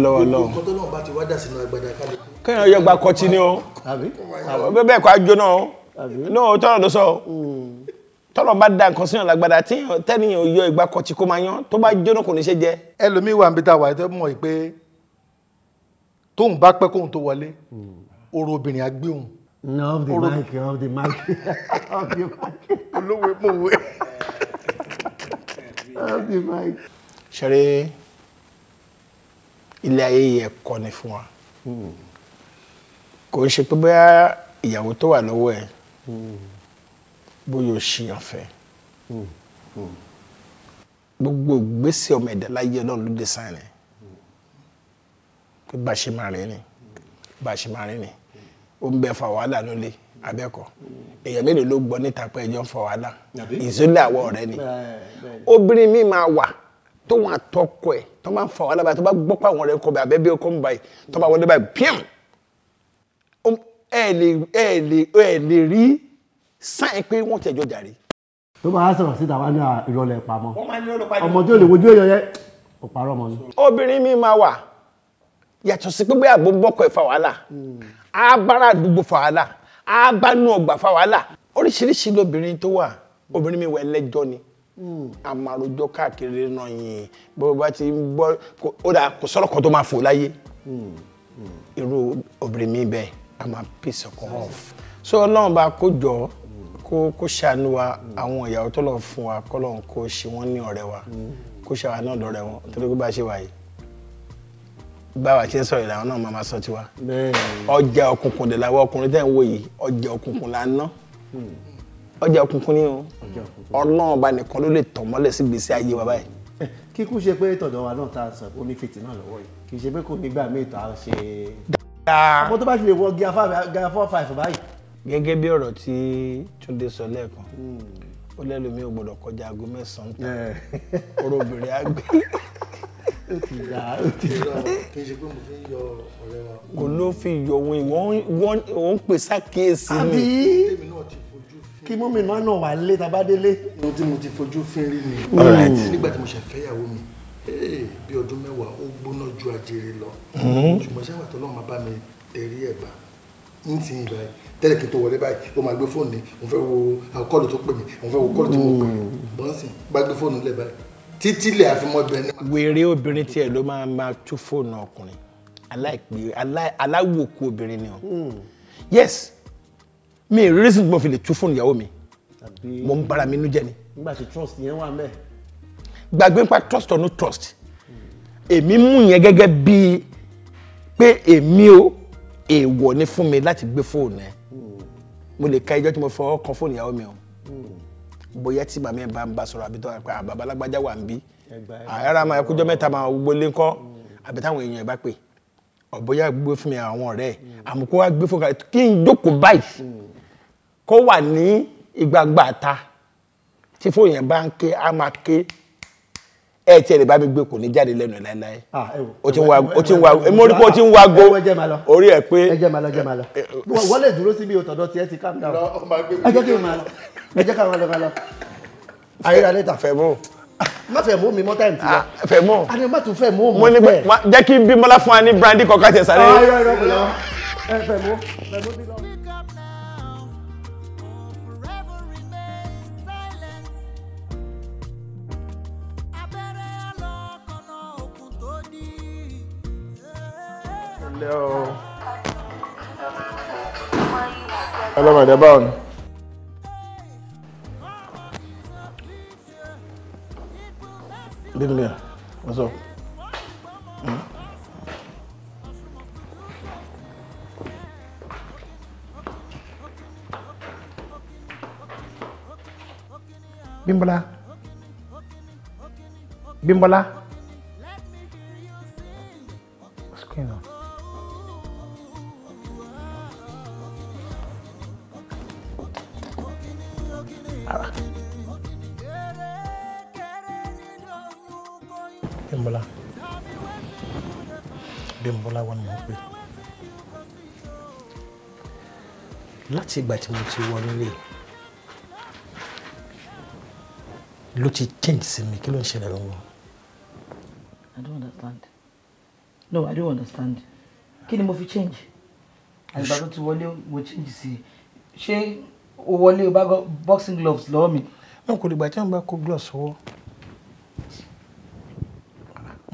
dúpẹ́ lọ́wọ́ Ọlọ́run. nǹkan tó lọ́run bá ti wá dà sínú agbada kálí. kéèyàn yọgbà kọtí ni o bẹ́ẹ̀ kọ́ ajo náà o náà tọ́lọ̀ ló sọ hmm. tọ́lọ̀ bá da nǹkan sínú agbada tí tẹ́niyàn yọ ìgbà kọtí kó máa yan tó bá jóná kò ní ṣe jẹ. ẹlòmíì wà níbi tá a wà tó mọ̀ pé tóun bá pẹ́ kóun tó wọlé hmm. orò obìnrin á gbé òun. No, of the Hold mic, of the mic, of the mic. Olówó mòwe. Of the mic. Ṣeré ilé ayé yẹ kọ́ ni fún wa hmm. kò ń ṣe pé bóyá ìyàwó tó wà lọ́wọ́ ẹ̀ hmm. bóyá o ṣì yàn fẹ́ hmm. gbogbo ìgbésẹ̀ ọmọ ẹ̀dá láyé ọlọ́run ló dé sáyẹn ni pé bá a ṣe máa rìn ni bá a ṣe máa rìn ni ó ń bẹ fa wàhálà nílé abẹ́kọ̀ èèyàn mélòó ló gbọ́ níta pé ẹjọ́ ń fa wàhálà ìzólà àwọ̀ ọ̀rẹ́ ni obìnrin mi máa wà tóun àtọkọ ẹ̀ tó bá ń fa wàhálà báyìí tó bá gbọ́ pé àwọn rẹ̀ kọ̀ bẹ́ẹ̀ abẹ́bí ọkọ ń báyìí tó bá wọlé báyìí píàm ẹ lè ẹ lè ẹ lè rí sáyẹn pé wọ́n tẹ̀jọ́ jàre. tó bá wá sọ̀rọ̀ síta wá ní ìrọ̀lẹ́ pamọ́ ọmọ tí ò lè wojú èèyàn yẹn ò parọ́ ọmọ ni. obìnrin mi máa wà yàtọ̀ sí pé bóyá àbò ń ẹ̀ fa wàhálà abára àdúgbò fa wàhálà abánú ọgbà fa wàhálà oríṣiríṣi lóbìnrin tó wà obìnrin mi wà ẹlẹ́jọ́ ni Hmm, a máa rojọ́ káàkiri náà yìí bó bá ti ń gbọ́ ó dà kò sọ̀rọ̀ kan tó máa fò láyé hmm, hmm. irú obìnrin mi bẹ́ẹ̀ a máa piss ọkàn off so ọlọ́run bá kó jọ kó kó ṣàánú wa àwọn ìyàwó tó lọ fún wa kọ́ lọ́run kó ṣe wọ́n ní ọ̀rẹ́ wa kó ṣe àwa náà lọ́rẹ́ wọn torí pé bá a ṣe wà yìí báwa ṣe ń sọ̀rọ̀ ìlànà náà máa ma sọ tiwa ọjà òkùnkùn dẹ̀ làwọn ọkùnrin tẹ̀ ń wò yìí ọjà òkùnkùn là ń ná ọjà òkùnkùn ni o ọlọ́run ọba nìkan ló lè tàn mọ́lẹ̀ sí gbèsè ayé wa báyìí. kíkú ṣe pé tọ̀dọ̀ wa náà ta sọ ó ní fìtì náà lọ́wọ́ yìí kì í ṣe pé kò nígbà míì tó a ṣe. dáadáa àpò tó bá fi lè wọ gíga four five báyìí. gẹ́gẹ́ bí ọ̀rọ̀ tí Túndé sọ lẹ́ẹ̀kan hmm. ó lẹ́lòmíì ò gbọ́dọ̀ kọjá aago mẹ́sàn-án tán orobìnrin àgbẹ̀ ó ti yá ó ti yọ kì í ṣe pé mo fi yọ ọ̀rẹ́ wa. kò ló fi yọ kí mọ́mí náà náà wà lé tabadélé. ohun tí mo ti fojú fún rí ni nígbà tí mo ṣe fẹ́yàwó mi eh, bí ọdún mẹ́wàá ó gbóná ju àjèrè lọ mm-hmm. ṣùgbọ́n ṣé àwàtọ́ náà bá mi tẹ̀rí ẹ̀ bá ń tì í báyìí tẹ́lẹ̀ kí n tó wọlé báyìí ó máa gbé fóònù ní òun fẹ́ wo àkọlù tó pè mí òun fẹ́ wo kọ́lù tó mọ̀ pé bọ́ǹsì bá gbé fóònù lẹ̀ báyìí títí lè àfimọ́ ibẹ̀ ni. wèrè obìnrin tiẹ̀ ló máa máa tú fóònù ọkùnrin aláìpẹ́ aláwòkú obìnrin ni o mm. yes mi ì rírí sí gbọ́n fi lè tú fóònù ìyàwó mi mo ń bara mi inú jẹ ni. nígbà tí trust yẹn wà mẹ́. gbàgbé nípa trust or no trust èmi mú yẹn gẹ́gẹ́ bíi pé èmi o èèwọ̀ ni fún mi láti gbé fóònù ẹ mo lè ka ẹjọ́ tí mo fọwọ́ kan fóònù ìyàwó mi o bóyá tí màmí ẹ bá ń bá sọ̀rọ̀ àbí tó wà pé àbá alágbájá wà ń bí àyàrá máa kújọ́ mẹ́ta máa wọlé ńkọ́ àbí táwọn èèyàn ẹ bá pè ọ̀bọ̀yá gbé fún mi àwọn ọ̀rẹ́ ẹ̀ àmọ́ kó gbé fún mi kí n jókòó báyìí kó wà ní ìgbàgbà ta tí fóònù yẹn bá ń ké á máa ké ẹ tiẹ̀ lè bá mi gbé kò ní jáde lẹ́nu ẹ̀ láéláé ah, o ti ń wa o ti ń wa mo rí pé o ti ń wa go orí ẹ pé ẹ jẹ́ máa lọ ẹ jẹ́ máa lọ eh, eh, wọ́n lè dúró síbi òtọ̀dọ̀ tiẹ̀ ti calm down ẹ jẹ́ kí n máa lọ ẹ jẹ́ káwọn lọ máa lọ ayéra lẹ́tà fẹ́ mú má fẹ́ mú mi mọ́ táìmù tiwa ah, fẹ́ mú a ní má tún fẹ́ mú mọ́ pẹ́ jẹ́ kí bímọ́lá fún wa ní brandy kọ́kọ́ tẹ̀sán lẹ́yìn. ẹ fẹ́ mú fẹ́ mú bí lọ́wọ́. Hello. hello my dear báwo ni. What's up? Mm -hmm. Bimbola. Bimbola. rárá. Bímbọ́lá Bímbọ́lá wà ní mo pè. Láti ìgbà tí mo ti wọlé lè ló ti change sí mi kí ló ń ṣẹlẹ̀ lọ́wọ́. I don't understand. No, I don't understand. Kí ni mo fi change? Àgbà tó ti wọlé mo change sí i. Ṣé o wọlé o bá gọ boxing gloves lọ́wọ́ mi. wọn kò lè gbà tí wọn bá kó gloves wọ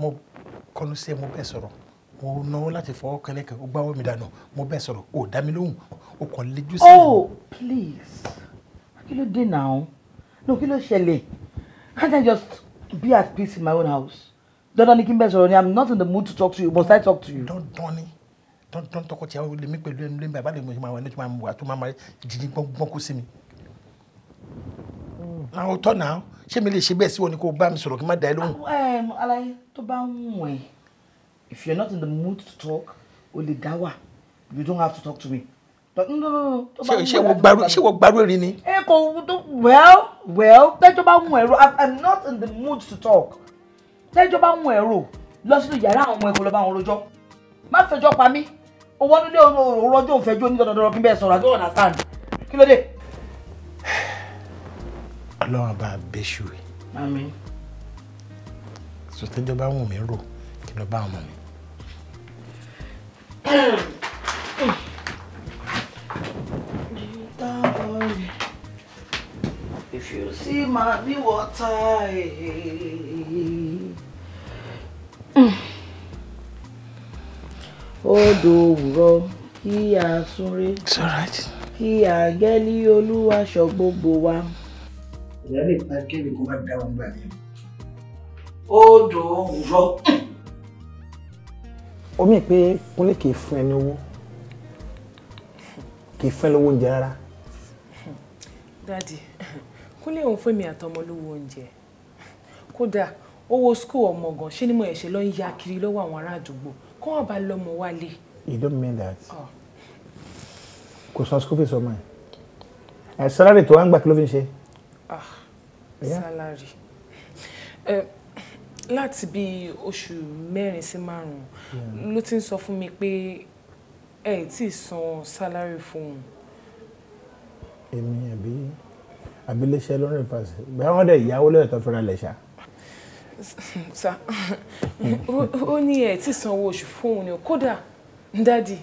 mo kọlu sí ẹ mo bẹ sọ̀rọ̀ mo náwó láti fọwọ́ kẹlẹkẹ o gbáwọ́ mi dànù mo bẹ sọ̀rọ̀ o dá mi lóhùn o kàn lejú sí. oh please kí ló dé náà no kí ló ṣẹlẹ̀ can't i just be at peace in my own house dandan ni kí n bẹ sọ̀rọ̀ ni i'm not in the mood to talk to you must i talk to you. dandan ni tọ́ntọ́n tọkọtìyà lèmi pẹ̀lú ẹnu lẹ́nu bàbá lèmi máa wà ní ìtumọ̀ àwọn àtúmọ̀ àmọ́ jìnnì gbọ́ngbọ́n kó sí mi. Hmm. àwọn ọ̀tọ̀ náà mi lè ṣe bẹ́ẹ̀ sí wọn ni kò bá mi sọ̀rọ̀ kí n má da ẹ lóhùn. Ah, eh, aláyé tó bá ń wọ̀n ẹ̀ if you are not in the mood to talk o lè dá wà you don't have to talk to me. ṣé wọ́n gbarú èrè ni. ẹ eh, kò well well tẹ́jọ́ bá ń wọ̀n ẹ̀rọ I am not in the mood to talk tẹ́jọ́ bá ń wọ̀n ẹ̀rọ lọ sínú yàrá àwọn ọmọ ẹ̀kọ́ lọ́ bá wọn rojọ́ má fẹjọ́ pa mí owó nílé òrọ́jọ́ òfẹjọ́ ní dandandan kí n bẹ́ẹ̀ sọ̀rọ̀ àti ọ̀nà stand kí ló dé. ọlọ́run bá a bẹ́ṣù rẹ̀. àmín. sọtẹ́jọ́ bá wù mí rò kí ló bá ọmọ mi. If you see my water. Mm ó dòwúrọ̀ kí a súnré kí àgẹ́lì olúwa ṣọ́ gbogbo wa. ìyá lè pa kébì kó má dá òun gbà ní. ó dòwúrọ̀. omi pé kúnlé kì í fún ẹni owó kì í fẹ́ lówó oúnjẹ rárá. dadi kúnlé òun fún mi àtọmọ lówó oúnjẹ kódà owó skul ọmọ gan ṣé ni mo ẹ̀ ṣe lọ ń ya kiri lọ́wọ́ àwọn ará àdúgbò kó wọn bá lọmọ wálé. you don't mean that. Ah. kò san school fees ọmọ ẹ salary tó wá ń gbà kí ló fi ń ṣe. Ah, salary láti bí oṣù mẹ́rin sí márùn-ún ló ti ń sọ fún mi pé ẹ ì tí san salary fún un. èmi àbí abiléṣẹ́ ló ń rìn fàṣẹ bí wọ́n dẹ̀ ìyàwó lọ́dọ̀ tó fẹ́ra lẹ̀ ṣáà sá ó ní ẹ̀ tí sanwó oṣù fóun ni kódà dádì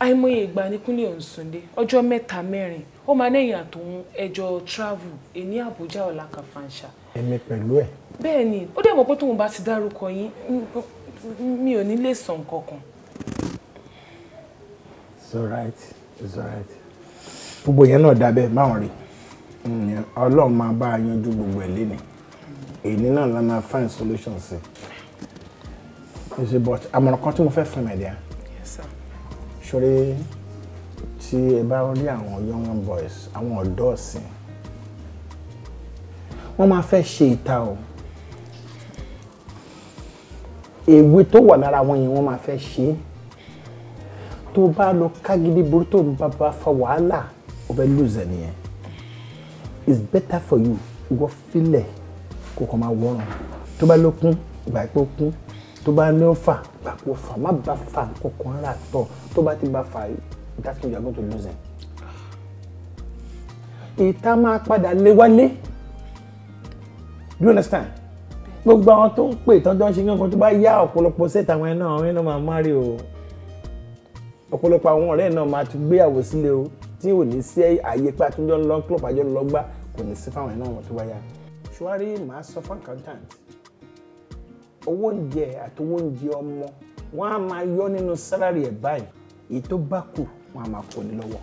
àìmọye ìgbà ní Kúnlé òun sùnlé ọjọ́ mẹ́ta mẹ́rin ó máa nẹ́yìn àtòun ẹjọ́ travel èní Àbújá ọ̀la kàfàǹṣà. èmi pẹ̀lú ẹ̀. bẹ́ẹ̀ ni ó dẹ̀ mọ̀ pé tóun bá ti dárúkọ yín mi ò ní lè sàn kankan. it's alright it's alright gbogbo yẹn náà dábẹ́ máa ń rí ọlọ́run máa bá a gbogbo ẹ̀ lénìí èyí náà la máa find solution sí ẹ ṣe but àmọ̀ràn kan tí mo fẹ́ fún mi dìá ṣorí tí ẹ bá rí àwọn young boys àwọn ọ̀dọ́ ọ̀sìn wọ́n máa fẹ́ ṣe ìta o èwe tó wà lára wọn yìí wọ́n máa fẹ́ ṣe é tó bá lọ kágídí burú tó bá bá fa wàhálà ó fẹ́ lùzẹ̀ nìyẹn it's better for you wọ́n filẹ̀ kó kàn máa wọ́ràn tó bá ló kún gbà kún tó bá ní ó fà gbà pé fà má bá fà kankan rà tọ̀ tó bá ti bá fà that's when you are going to lose it. ìta máa padà lé wálé you understand gbogbo àwọn tó ń pè tán tó ṣe kankan tó bá yá ọ̀pọ̀lọpọ̀ sẹ́ẹ̀tì àwọn ẹ̀ àwọn ẹ̀ máa máa o ọ̀pọ̀lọpọ̀ àwọn ọ̀rẹ́ náà máa tún gbéyàwó sílé o tí ò ní sí àyè pé àtúnjọ́ ńlọ club àjọ ńlọgbà kò ní sí fáwọn ẹ̀ náà wọ́n tó wáyà ṣùwárí màá sọ fún accountant owó oúnjẹ àti owó oúnjẹ ọmọ wọn á máa yọ nínú sálárì ẹ̀ báyìí èyí tó bá kù wọn á máa kó ní lọ́wọ́.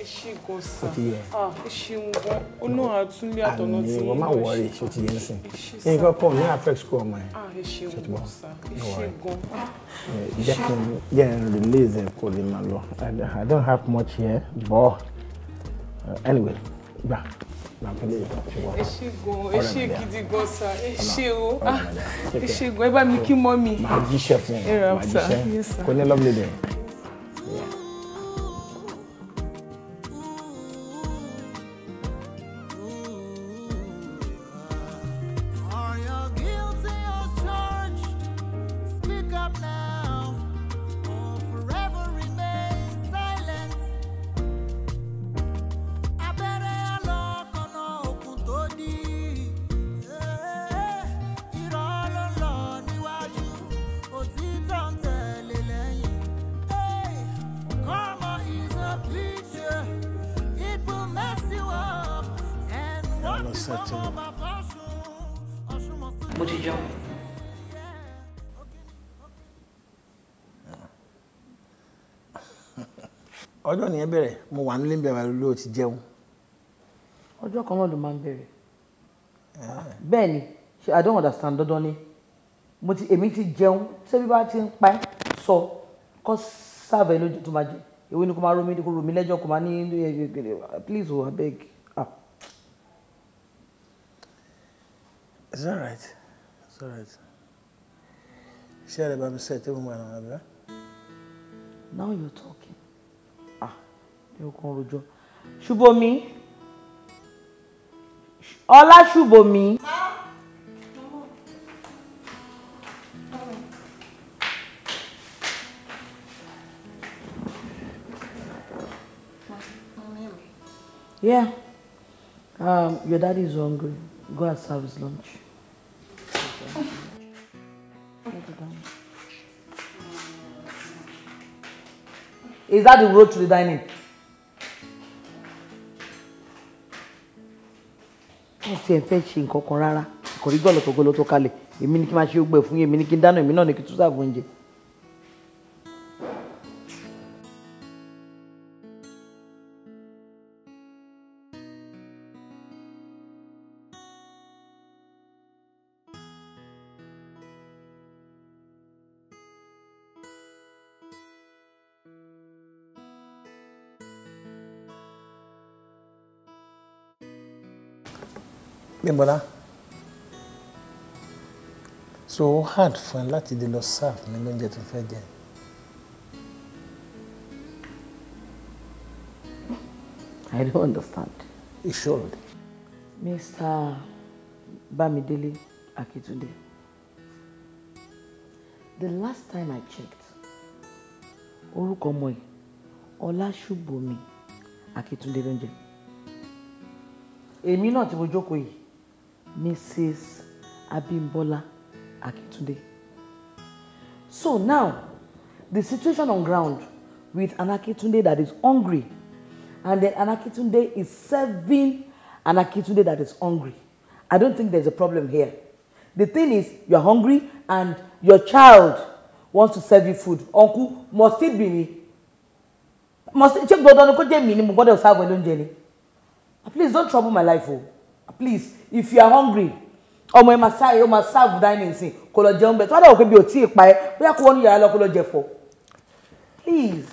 ẹ ṣe gan sa ẹ ṣeun gan ọ̀nà àtúnlé àtọ̀nà tí yín lọ ṣe. àmì wọn máa wọrí ṣó ti yé nísìn ní nǹkan kan ní affect school ọmọ yẹn ah, ṣó ti bọ́ ẹ wọrí ah. jẹ́ kí n jẹ́ n release ẹ̀ kó lè máa lọ I don't have much here but uh, anyway gbà. Yeah làǹfààní ìṣèwà. ẹ ṣé gan ẹ ṣé gidi gan sa ẹ ṣé o ah, ẹ ṣé gan ẹ bá mi kí mọ́ mi. màá jíṣẹ́ fún ọ màá jíṣẹ́ kò ní lọ́bìlì dẹ̀. bẹ̀rẹ̀ mo wà nílé bẹ̀rẹ̀ lórí o ti jẹun. ọjọ́ kan náà ló máa ń bẹ̀rẹ̀ eh. bẹ́ẹ̀ ni i don't understand dandan ni mo ti èmi ti jẹun ṣebí bá ti ń pa ẹ́ sọ kó sáàbẹ̀ lójú tó máa jẹ èwo ni kó máa romi kó romi lẹ́jọ́ kó máa ní eh, eh, please o oh, abeg. Ah. it's alright it's alright ṣé ẹ lè bá mi ṣe é tí mo máa nà ọ́ bẹ́ẹ̀. now you talk ẹ̀kọ́ rojọ́ ṣubomi ọlá ṣubomi. Yeah. Um, your daddy is hungry. Go and serve his lunch. Is that the road to the dining? tiẹ̀ fẹ́ ṣe nǹkan kan rárá ìkọ̀rí gbọ́lọ̀tọ̀gbọ́lọ̀ tó kalẹ̀ èmi ni kí n máa ṣe ogbẹ́ fún yín èmi ni kí n dáná èmi náà ni kí n tún sáà fún oúnjẹ Dẹ́gbọ́lá so ó hard fún ẹ láti lè lọ serve mi lóúnjẹ tó fẹ́ jẹ. I don't understand. It should. Mr. Bamidele Akitunde, the last time I checked, orúkọ ọmọ yìí Ọláṣùbọ̀mí Akitunde ló ń jẹ. Èmi náà tí mo jókòó yìí Mrs. Abimbola Akitunde. So now, the situation on ground with Anakitunde that is hungry and then Anakitunde is serving Anakitunde that is hungry. I don't think there's a problem here. The thing is, you're hungry and your child wants to serve you food. Uncle, must it be me? Must it? Check the door, no, go me, mo gbọ́dọ̀ Please don't trouble my life, oh please if you are hungry ọmọ ẹ máa sá ẹ máa sáàbù dining sin kò lọ jẹun bẹ tí wọn dàgbà pé bí o tí ì pa ẹ bóyá kó wọnú yàrá lọ kó lọ jẹ fọ please.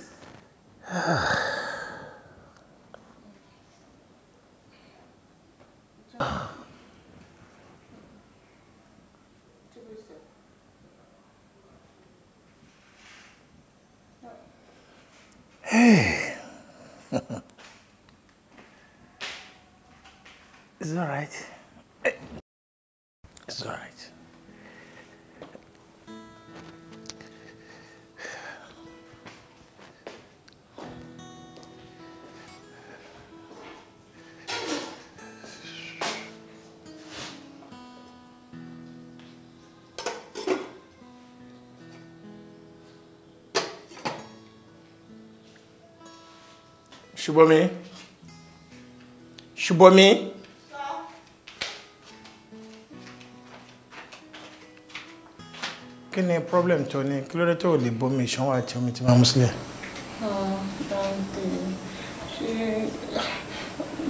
Hey. It's all right. It's all right. Ṣùbọ́mi. Ṣùbọ́mi. kí ni problem tó ní kí ló dé tó lè bomi ìṣánwó àti omi tí máa mú sílẹ̀.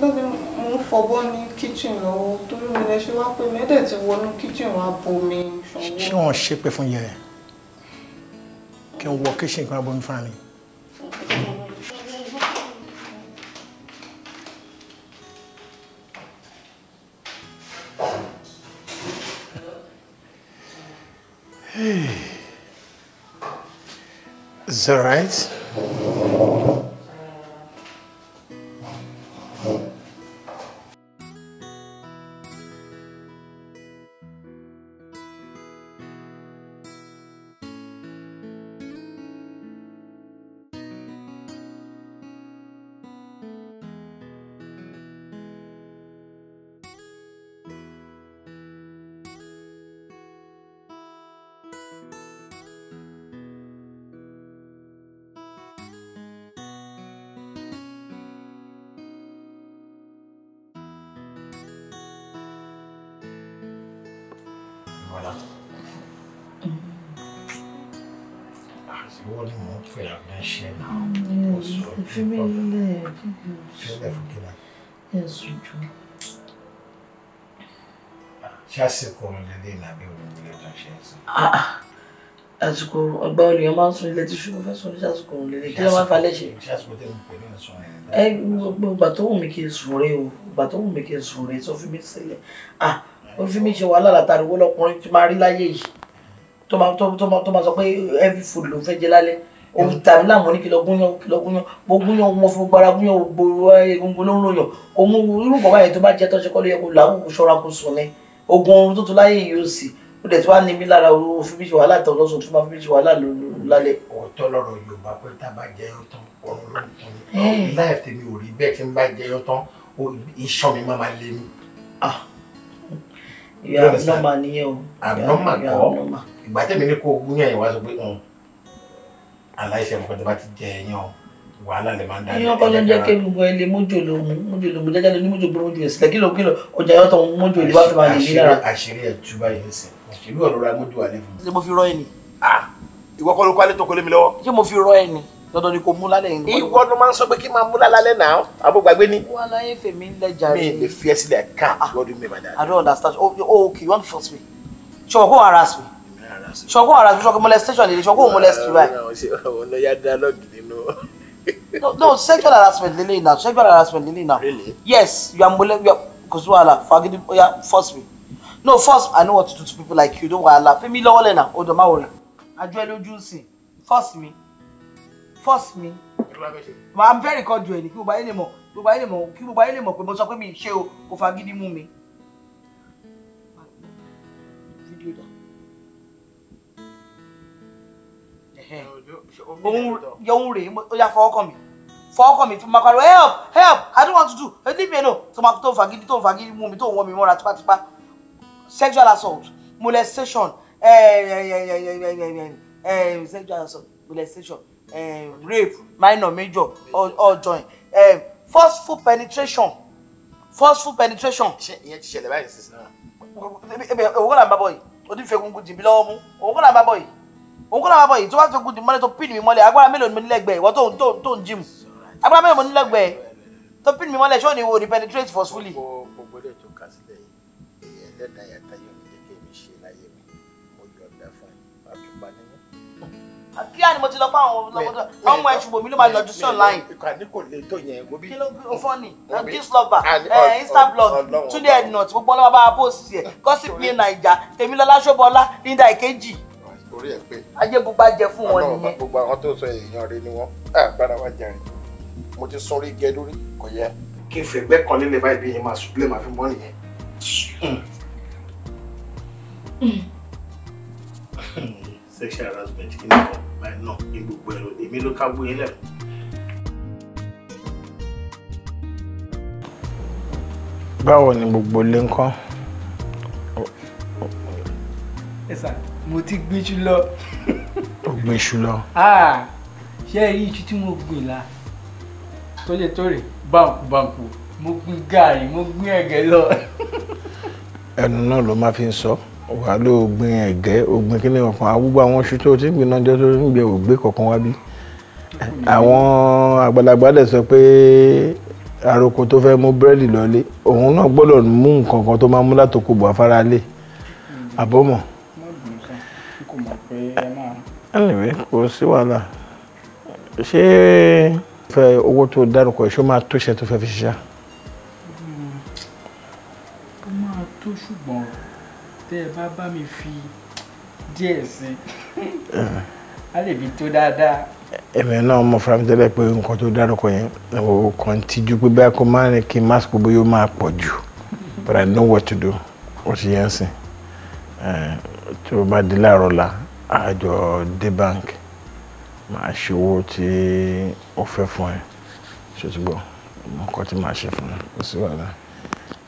lọ́dẹ mo ń fọbọ́ ní kitchen lọ́wọ́ torí mi lè ṣe wá pé mẹ́dẹ̀ ti wọnú kitchen wá bomi ìṣánwó. ṣé wọn ṣépè fún yẹrẹ kí n wọ kitchen kí wọn bomi fún mi. all right. ìwọ ah, ni mò ń pè ọ́ lẹ́sẹ̀ náà ó sọ fílẹ̀ fílẹ̀ fún kíra. ṣé àsìkò òun lélẹ̀ ìlànà ìwé tó ń ṣe é sí. àsìkò ọgbà olùyàn máa ń sun ilé tíṣú mo fẹ́ sọ ní sàsìkò òun lélẹ̀ kí ló máa falẹ̀ ṣe. ṣé àsìkò tẹ̀ ń pè ní ìsun ẹ̀. ẹ gbogbo ìgbà tó wù mí kí n sùn rè o ìgbà tó wù mí kí n sùn rè sọ fún mi sílẹ̀ ah ó fi mí ṣe wàhálà látàrí owó lọkùnrin tí máa rí láyé yìí tó máa tó máa tó máa sọ pé heavy food ló fẹ́ jẹ lálẹ́ òun tàbí láwọn ní kìlọ̀ gúnyán kìlọ̀ gúnyán bó gúnyán wọn fún gbára gúnyán gbòòrò egungun ló ń ròyàn òun irú bàbá yẹn tó bá jẹ tó ṣe kọ́ ló yẹ kó làwọn kò ṣọ́ra kó sùn ni ogun oorun tó tún láyé yìí ó sì ó dẹ̀ tí wàá ní mí lára ooru fún mi ṣe wàhálà tán lọ́sùn tó máa fún mi ṣe wàhálà lálẹ́. ọ̀tọ̀ lọ́rọ̀ Yorùbá pé tá a bá jẹyọ tán ọ̀run ló tán ní láìpẹ́ ò ìgbà tẹ̀mí ní kó gún yẹn wá sọ pé aláìsẹ̀ nǹkan tó bá ti jẹ ẹyàn wàhálà lè máa ń dá ní ẹ̀ka. ló ń jẹ́ kí gbogbo ẹ lè mójò ló mú mójò ló mú jájá ló ní mójò gbọ́dọ̀ mójò ẹ̀sìn kílò kílò ọjà yóò tán mójò ìlú wá fi máa lè àṣírí ẹ̀ tú báyìí ń òṣèlú ọ̀rọ̀ ra mójò wà lẹ́fun. ṣé mo fi rọ ẹ ni. ìwọ kọ́ ló kọ́ alẹ́ tó kọ́ lé mi ṣé mo fi rọ ẹ ni dandan ni kò mú lálẹ́ yìí. ìwọ ló máa ń sọ pé kí máa mú lálẹ́ náà àbó gbàgbé ni. wọn láyé fèmí ń lẹjà rẹ. mi lè fi sílẹ̀ ká lọ́dún mi madam. I don't understand oh, oh okay you wan force me. ṣọwọ́ kó harass me ṣọkún ọ̀rọ̀ àti ṣọkún molestation lele ṣọkún molest you right. ọ̀nà ya dialogue nínú. no no sexual harassment lele na sexual harassment lele na. really yes you are molest you are kò sí wàhálà fagidi oya oh force me no force i know what to do to people like you don't wahala fẹmi lọ́wọ́ lẹna odò má wọlé àjọ ẹ lójú sí force me force me am very cordial ni kí gbogbo ayé lè mọ̀ gbogbo ayé lè mọ̀ kí gbogbo ayé lè mọ̀ pé mo sọ pé mi ṣe o kò fagidi mú mi. òun rèé ó yá fọwọ́ kàn mí fọwọ́ kàn mí fi help help i don't want to do ẹ leave me don't tó máa tó ń fagídí tó ń fagídí mú mi tó ń Eh, eh, eh, eh, eh, eh. molestation sexual assault molestation Eh, rape minor major all join forceful penetration forceful penetration. ṣe ìyẹn ti Eh, eh, eh. náà. owó kọ́lá ń bá bọ̀ yìí odi fẹ́ gungun jìnbí lọ́wọ́ mú owó kọ́lá ń bá bọ̀ yìí òun kọ́ làwọn abọ́ yìí tó wá fẹ́ kú di mọ́lẹ̀ tó pin mi mọ́lẹ̀ agbára mélòó ni mo nílẹ̀gbẹ̀ẹ́ ìwọ tó ń jìm agbára mélòó mo nílẹ̀gbẹ̀ẹ́ tó pin mi mọ́lẹ̀ ṣó ni wo ni penetrate forcefully. gbogbo ilé tó kà sílẹ̀ yìí ẹlẹ́dàá yàtá yóò ní jẹ́ kí èmi ṣe láyé mi mo yọ ọ̀dà fún ẹ àtùpà nínú. kíá ni mo ti lọ fún àwọn ọmọdé ọmọ ẹṣù bòmí ló máa yọjú sí online. ìkànnì kò le tó yẹn gobi. kí ló fọ́ ni gist lover instablog túnde ẹ̀nà tí gbogbo ọlọ́wọ́ bá a post yẹ gossip ní naija tèmílọ́lá ṣọ́bọ́lá nídà ìkejì orí ẹ̀ pé. ajé bó bá jẹ fún wọn nìyẹn. gbogbo àwọn tó sọ èèyàn rẹ ni wọn agbára wa jẹrin mo ti sọrí gẹ lórí kò yẹ. kí n fẹ̀gbẹ́ kan lélẹ̀ báyìí bí yẹn máa sùn lè máa fi mọ́ nìyẹn. sexual harassment kí ni wọn báyìí náà ní gbogbo ẹ̀rọ èmi ló ká gbóyè lẹ́nu. báwo ni gbogbo ilé ń kọ́ mo ti gbé iṣu lọ. o gbé iṣu lọ. Ah, ṣé ẹ rí iṣu tí mo gbìn la tó lè tó rè báǹkù báǹkù mo gbìn gàrí mo gbìn ẹ̀gẹ́ lọ. ẹnu náà ló máa fi ń sọ wà ló gbìn ẹ̀gẹ́ o gbìn kíní kankan àwùgbọ àwọn iṣu tó ti ń gbìn náà jẹ́ tó ń gbé ògbé kankan wá bí. àwọn àgbàlagbà dẹ̀ sọ pé àròkọ tó fẹ́ mú búrẹ́dì lọ́lé òun náà gbọ́dọ̀ mú nǹkan kan tó máa mú látòkò bọ̀ afárá lé àbọ̀mọ̀. Mm -hmm anyway kò sí wàhálà ṣé fẹ́ owó tó dárúkọ ẹ̀ ṣó máa tó ṣe tó fẹ́ fi ṣiṣẹ́. ó máa tó ṣùgbọ́n tẹ́ ẹ bá bá mi fi díẹ̀ sí a lè fi tó dáadáa. èmi náà mo fara mi tẹ́lẹ̀ pé nǹkan tó dárúkọ yẹn ò kàn tijú pé bẹ́ẹ̀ kó má rìn kí mask bóyá ó máa pọ̀ jù but I know what to do ó ti yẹn sìn tó o bá di láàárọ̀ la àjọ dé bank màá ṣe owó tí ó fẹ́ fún ẹ ṣòtúbọ̀ nǹkan tí màá ṣe fún ẹ kò sí wàhálà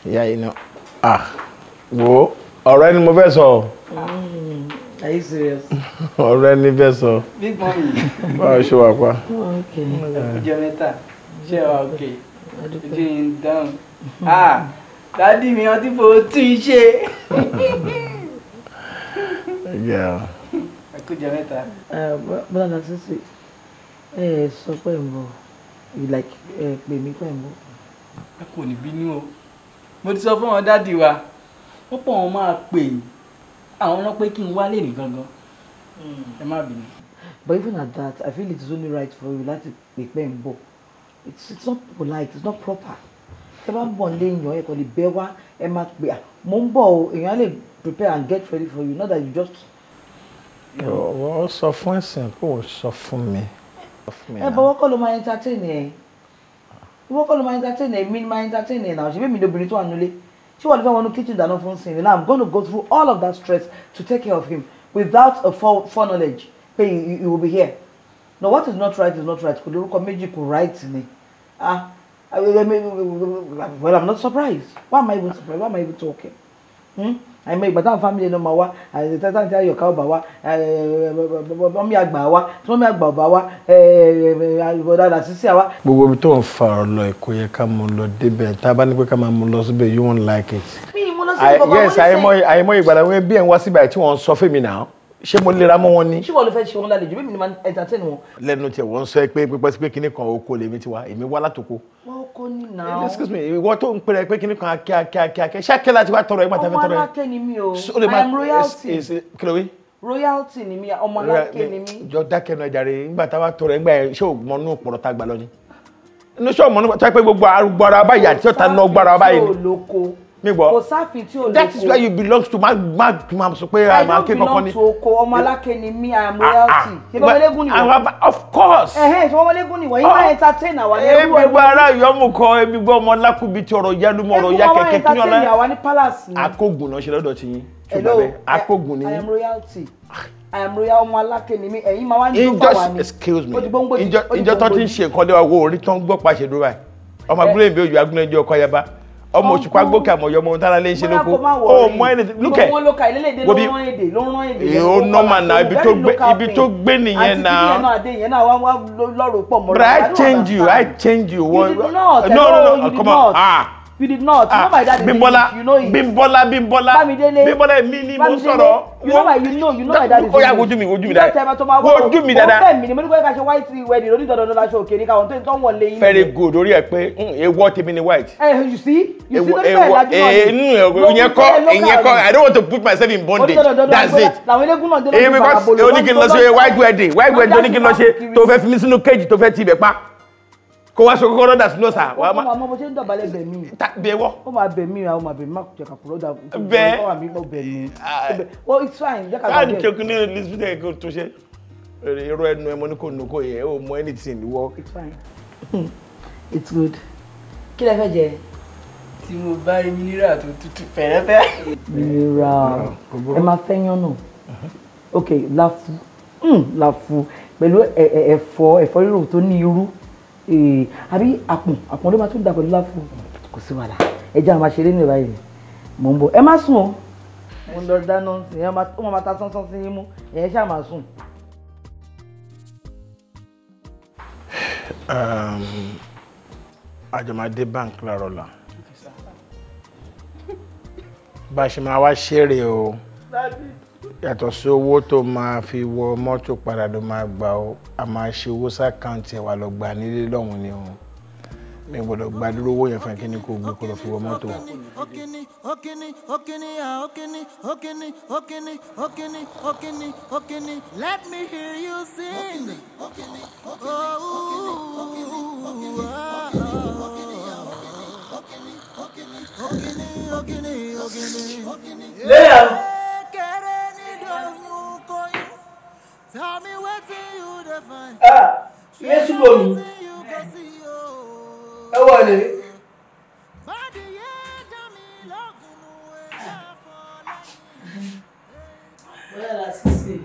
ìyá yìí náà ah wo ọ̀rẹ́ ni mo fẹ́ sọ. Mm. Are you serious? ọ̀rẹ́ ni fẹ́ sọ. big money. báwo ṣe wà pa. ìjọ mẹ́ta ṣe wà òkè ìjọ yìí dáhùn ah dádì mi ọtí fò tún ṣe. yeah ẹkújẹ mẹ́ta. bọ́lá sísè ẹ sọ pé ń bọ̀ like ẹ pè mí pé ń bọ̀. ẹ kò ní bínú o mo ti sọ fún wọn dádì wa wọ́n pọ̀ wọn máa pè é àwọn náà pé kí n wálé ní gangan ẹ má bínú. but even at that i feel it is only right for you to pè pé ń it's it's not polite it's not proper tẹ bá ń bọ̀ lé èèyàn ẹ kò lè bẹ́ wá ẹ máa pè à mo ń bọ̀ o èèyàn á prepare and get ready for you not that you just ó sọ fún ẹ̀sìn kó o sọ fún mi. ẹ bọ́wọ́ kọ́ ló máa entertain ẹ̀ ìwọ kọ́ ló máa entertain ẹ̀ mi máa entertain ẹ̀ náà ṣe bẹ́ẹ̀ mi lóbìnrin tó wà nílé tí wọ́n fẹ́ wọnú kitchen dáná fún sin now i'm gonna go through all of that stress to take care of him without a fore foreknowledge pé he, he will be here no what is not right is not right kò lórúkọ méjì kò right ni ah well i'm not surprised why am i even surprised why am i even talking. Hmm? àìmọ ìgbà táwọn fámìlì náà máa wá àìsètẹ́tà tí ayọ̀ká ọba wá mọ́mí àgbà wá tí mọ́mí àgbà ọba wá àìbọ̀dàdà sísí àwa. gbogbo ibi tó ń fa ọ̀lọ́ ẹ̀kọ́ yẹ ká mú lọ débẹ̀ tá a bá ní pé ká máa mú lọ síbẹ̀ you won't like it. mi ì mú lọ síbẹ̀ bàbá wọn ṣe. yes àìmọ ìgbàlá wọn bí ẹ̀ ń wá síbẹ̀ tí wọ́n sọ fún mi náà ṣé mo lè ra mọ́ wọn ni. ṣé wọ́n ló fẹ́ ṣe wọn lálejò bí ni máa entertain wọn. lẹ́nu tiẹ̀ wọ́n sọ pé pípẹ́ sí pé kinní kan oko lèmi ti wá èmi wá látòkó. wọ́n kò ní náà. excuse me ìwọ tó ń pèrè pé kinní kan akẹ́ akẹ́ akẹ́ akẹ́ ṣé akẹ́ láti wá tọrọ ẹ̀ pàtàkì tọrọ ẹ̀. ọmọ alákẹ́ ni mi o I am royalty. royalty ni mi ọmọ alákẹ́ ni mi. jọ dákẹ́ nu nígbà táwa tọrọ ẹ̀ ṣé o mọ mi gbọ́ kò sáfin tí o lè kó that is where you belong to ma ma ma sọ pé àmà ah, ké kankan ni. i don't belong to oko ọmọ aláké ni mi i am ah, ah. royalty. ṣé bọ́mọlégún ni wọ́n. of course. ẹ̀hẹ́n ṣé bọ́mọlégún ni wọ́n yín oh. máa entertain àwa ní ewu ẹgbẹ́. èmi gba ara yọmú kọ èmi gbọ́ ọmọ lákùbí ti ọ̀rọ̀ yálù mọ́ ọ̀rọ̀ yá kẹ̀kẹ́ kí ni ọ̀la. ẹ̀kú ọmọ entertain àwa ní palace ni. akógun náà ṣe lọ́dọ̀ ti yín. hello i am royalty àìmọ̀ya ọmọ aláké ni mí ẹ̀yin máa wá ní ìjọba wa ni. excuse me ìjọ tó ti ń ṣe nǹkan lé wa wo orí tó ń gbọ́ pàṣẹ dúró báyìí ọmọ agúnlẹ̀ ìbí òjò agúnlẹ̀ ìjọ ọkọ ayaba ọmọ òṣùpá gbókè àmọ̀ yọmọ ohun tára lè ṣe lóko ó mọ ẹni lókè wo bí ó nọ́mà náà ibi tó gbé nìyẹn náà but I change you I change you one no no no come on ah you did not ah, you know my dad is bimbola, english you know him bimbola bimbola bamidele bimbola mi ni mo sọ̀rọ̀ you know my you know you know my dad is english oya wojú mi wojú mi dada wojú mi dada wọn fẹ mi ni mo ní kó ká ṣe white wedding lórí dandan lọ́la ṣe òkè ní káwọn tó ń tọ́ wọn lé yín. very good orí ẹ A ewọ mm, tèmi ni white. ẹ eh, you see you see lórí bẹ́ẹ̀ lajú náà ni eh, ìyẹn kọ́ ìyẹn kọ́ i don't want to put myself in bondage that's it. làwọn eléégún náà dé lọ́jọ́ ìgbà àbolo. oníkin lọ ṣe white wedding white wedding oníkin lọ ṣe tó fẹ́ fi mí sínú cage tó fẹ́ tibẹ̀ pa kó wá sọ kọ́kọ́ dà sí náà sà. wọ́n máa mọ bó ṣe ń dọ̀bálẹ̀ bẹ̀ mí. bẹ̀ wọ́. ó máa bẹ̀ mí àwọn máa bẹ̀ mí má jẹ́ ká kúrò dà. bẹ́ẹ̀ ó máa mi lọ bẹ̀ mí. ó it's fine jẹ́ ká lọ bẹ̀. káàdì kẹ́kun ní elizabeth kò tó ṣe irú ẹnu ẹ mọ ní kò nù kò yẹ ó mọ anything wọ. it's fine it's good kí lẹ fẹ́ jẹ. tí mo bá rí mineral tó tutù fẹ́rẹ́fẹ́. mineral ẹ máa fẹ́ yán nù uh-huh. ok láfu hmm, láfu pẹ̀lú ẹ̀fọ́ ẹ̀fọ́ rírò tó ní irú. Eh, àbí àpọ̀n àpọ̀n ló máa tún dà pẹ̀lú láfo kò sí wàhálà ẹja máa ṣeré ní ìbáyìí mò ń bọ̀ ẹ má sùn o mo ń lọ dáná ìyẹn ó máa ta sánsán sí yín mú ìyẹn ṣáà máa sùn. àjọmọdé ehm, bank lọ́rọ̀ la bá a ṣe máa wá ṣeré o. Daddy yàtọ̀ sí owó tó máa fi wọ mọ́tò padà ló máa gbà ó a máa ṣe owó sàkáǹtì ẹ̀ wà lọ gbà nílé lọ́hùn ni o mi gbọ́dọ̀ gba dúró owó yẹn fún kí ni gbé kó lọ fi wọ mọ́tò. okini okini okini okini okini okini okini okini okini let me hear you sing. okini okini okini okini okini okini okini okini okini. léyà. Ah, Yesu lomi ẹ wọlé. bóyá la sise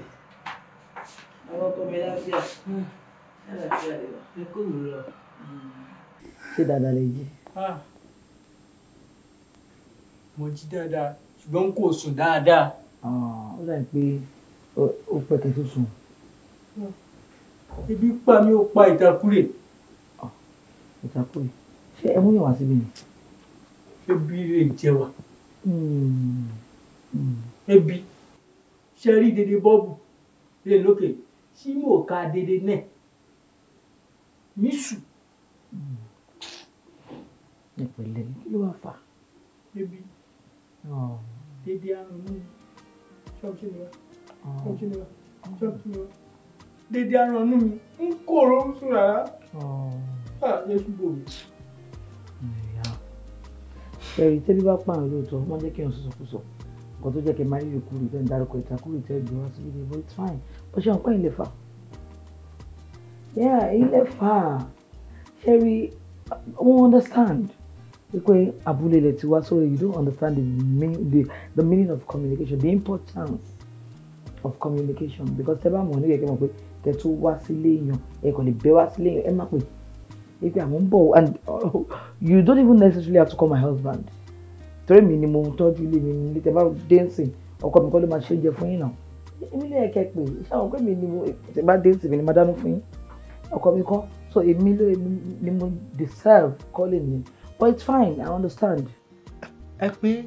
àwọn ọkọ mi láfíà láfíà lè wà ẹ kó wù lọ. ṣé dáadáa lè jí. Ah, mo jí dáadáa ṣùgbọ́n n kò sùn dáadáa ó dàbí pé ó pẹ̀kẹ́ tó sùn. ibi pa mi ó pa ìtakùrè. Ah, ìtakùrè ṣé ẹ múyàn wá síbi ni. ebi rè jẹ wa. Hmm, hmm. ebi ṣe rí dèdè bọ́ọ̀bù lè lókè sí mò ká dèdè náà mí sùn. ìpìlẹ̀ kí ló wà fà. ebi oh. dédé àrùn náà ni ah. ni ah. dédé aranú mi ń kó òróró sùn rárá yẹsù bòrò. ẹ̀rí tẹ́lẹ̀ bá pààrọ̀ lóòótọ́ wọ́n jẹ́ kí n sọ̀sọ̀kùsọ̀ nǹkan tó jẹ́ kí n máa yíyọ kúrò ìtẹ́ ń darúkọ ìtakùrò ìtẹ́ ìgbìmọ̀ wá síbi ìdìbò it's fine ó ṣe nǹkan ilé fà. ilé fà ṣẹ́rí wọ́n understand. Mm wípé abúlé ilẹ̀ tiwa so you don't understand the mean the the meaning of communication the importance of communication because tẹ́ bá mọ̀ ní kẹ̀kẹ́ mọ̀ pé tẹ́ tó wá sílé èèyàn ẹ kàn lè bẹ́ wá sílé èèyàn ẹ má pè é pé àwọn ń bọ̀ and uh, you don't even necessarily have to call my husband torí mi ni mo ń tọ́jú ilé mi nílé tẹ́ bá dé ń sìn ọkọ mi kọ́ ló máa ṣe oúnjẹ fún yín náà èmi lè kẹ pé ṣáwọn pé mi ni mo tẹ́ bá dé ń sìn mi ni máa dáná fún yín ọkọ mi kọ́ so èmi ló ni mo deserve calling yẹn but it's fine I understand. ẹ pé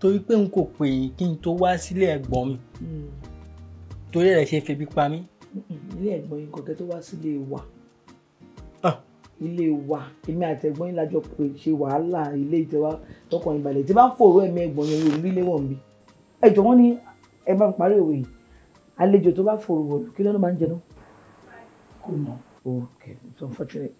torí pé n kò pè é kí n tó wá sílé ẹ̀gbọ́n mi mm. torí ẹ̀ ṣe febi pa mí. ilé ẹ̀gbọ́n yín kọ̀kẹ́ tó wá sílé wa ah. ilé wa èmi àti ẹ̀gbọ́n yín lájọ pé ṣe wàhálà ilé ìjọba tọkàn ìbàlẹ̀ tí bá ń fòrò ẹ̀mí ẹ̀gbọ́n yẹn yóò rí léwọ̀n mi ẹ jọ̀wọ́ ni ẹ bá ń parí òwe yìí àlejò tó bá fòrò wọ̀lú kí lọ́nà máa ń jẹ kò mọ̀. okay it's unfortunate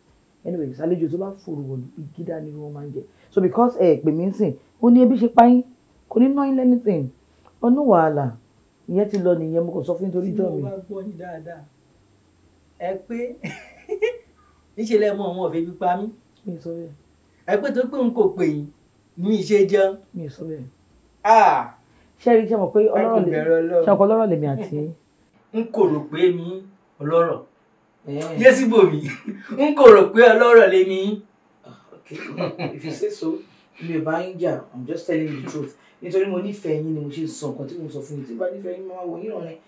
anyways àlejò tó bá fòrò wọ̀lú ìgídá ni wọ́n máa ń jẹ so because ẹ eh, pè mí sìn ó ní ebi ṣe páyín kò ní náyìn lẹ́nìtìn ọ̀nà wàhálà ìyẹn ti lọ nìyẹn mo kàn sọ fún nítorí jọ mi. mo bá gbọ́ yín dáadáa ẹ pé níṣẹ́ lẹ́ mọ àwọn ọ̀fẹ́ pípa mí ẹ pé tó pé n kò pè yín mi ì ṣe jẹun. mi ì sọ bẹ́ẹ̀. Ah! ṣé rí ṣe mọ̀ pé ọlọ́rọ̀ lèmi àti. n kò rò pé mi ọlọ́rọ̀ Eh. yéésì bòmí n kò rò pé ọlọ́rọ̀ lé ní. Ah, okay if you say so mi ò bá ń jà i'm just telling you the truth nítorí mo nífẹ̀ẹ́ yín ni mo ṣe sọ nǹkan tí mo sọ fún yín tí bá nífẹ̀ẹ́ yín máa wọ yín ràn yín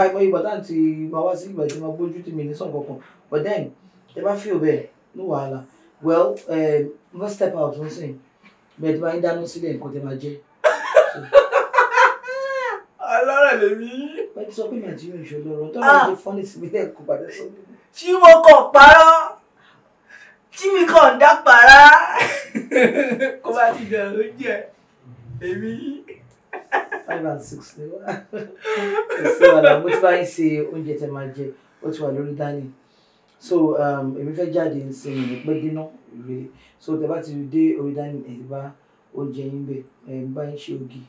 àìmọ ìgbà tá à ń ti máa wá sí ìgbà tí máa gbójú tèmi ní sàn kankan but then ẹ bá fi òbẹ ní wàhálà well uh, fẹ́ step out ń sìn bẹ́ẹ̀ tí máa ń dáná sílẹ̀ nǹkan tí máa jẹ́. ọlọ́rọ̀ lèmi. wọ́n ti sọ pé nàìjíríà ìṣòro ọ̀rọ̀ tó ń bá ti fọ́nì sí mi lẹ́ẹ̀kọ́ padà sọ́dún tí mo kàn parọ́ tí mi kàn dá para kó bá ti dàn ló jẹ èmi. five and six ni wá èsì wàhálà mo ti bá yín ṣe oúnjẹ tẹ máa jẹ ó ti wà lórí dání so um, èmi fẹ́ jáde nsìn ní pẹ́ dínà rèé so tẹ bá ti dé orí dání ẹ̀ bá oúnjẹ yín bẹ̀ ẹ̀ bá yín ṣe ògì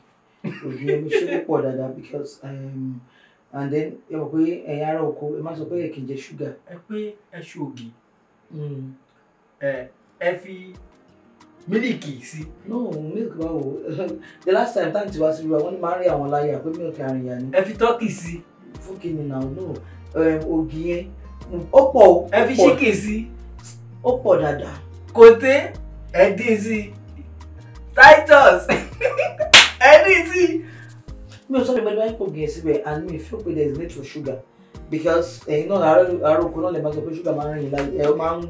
ògì ẹ̀mí ṣe púpọ̀ dáadáa because. Um, and then ẹ mọ̀ pé ẹ̀yin ará oko ẹ má sọ pé ẹ kì í jẹ ṣúgà. ẹ pé ẹ ṣògì hmm. ẹ fi mílìkì sí. no mílìkì máa wò the last time táǹtì wá sí wa wọ́n máa ń rí àwọn láyà pé mílìkì àríyá ni. ẹ fi tọ́kì sí. fún kìnnì náà no ògì yẹn ó pọ̀ ó pọ̀ ẹ fi ṣíkì sí. ó pọ̀ dáadáa. kòtẹ́ ẹ dín sí Titus ẹ dín sí mi ò sọ pé bẹ́ẹ̀ báyìí kò síbẹ̀ and me feel pé there is need for sugar because ẹ̀yin náà aróko náà lè máa sọ pé sugar máa ń rìn láyé ẹ̀ máa ń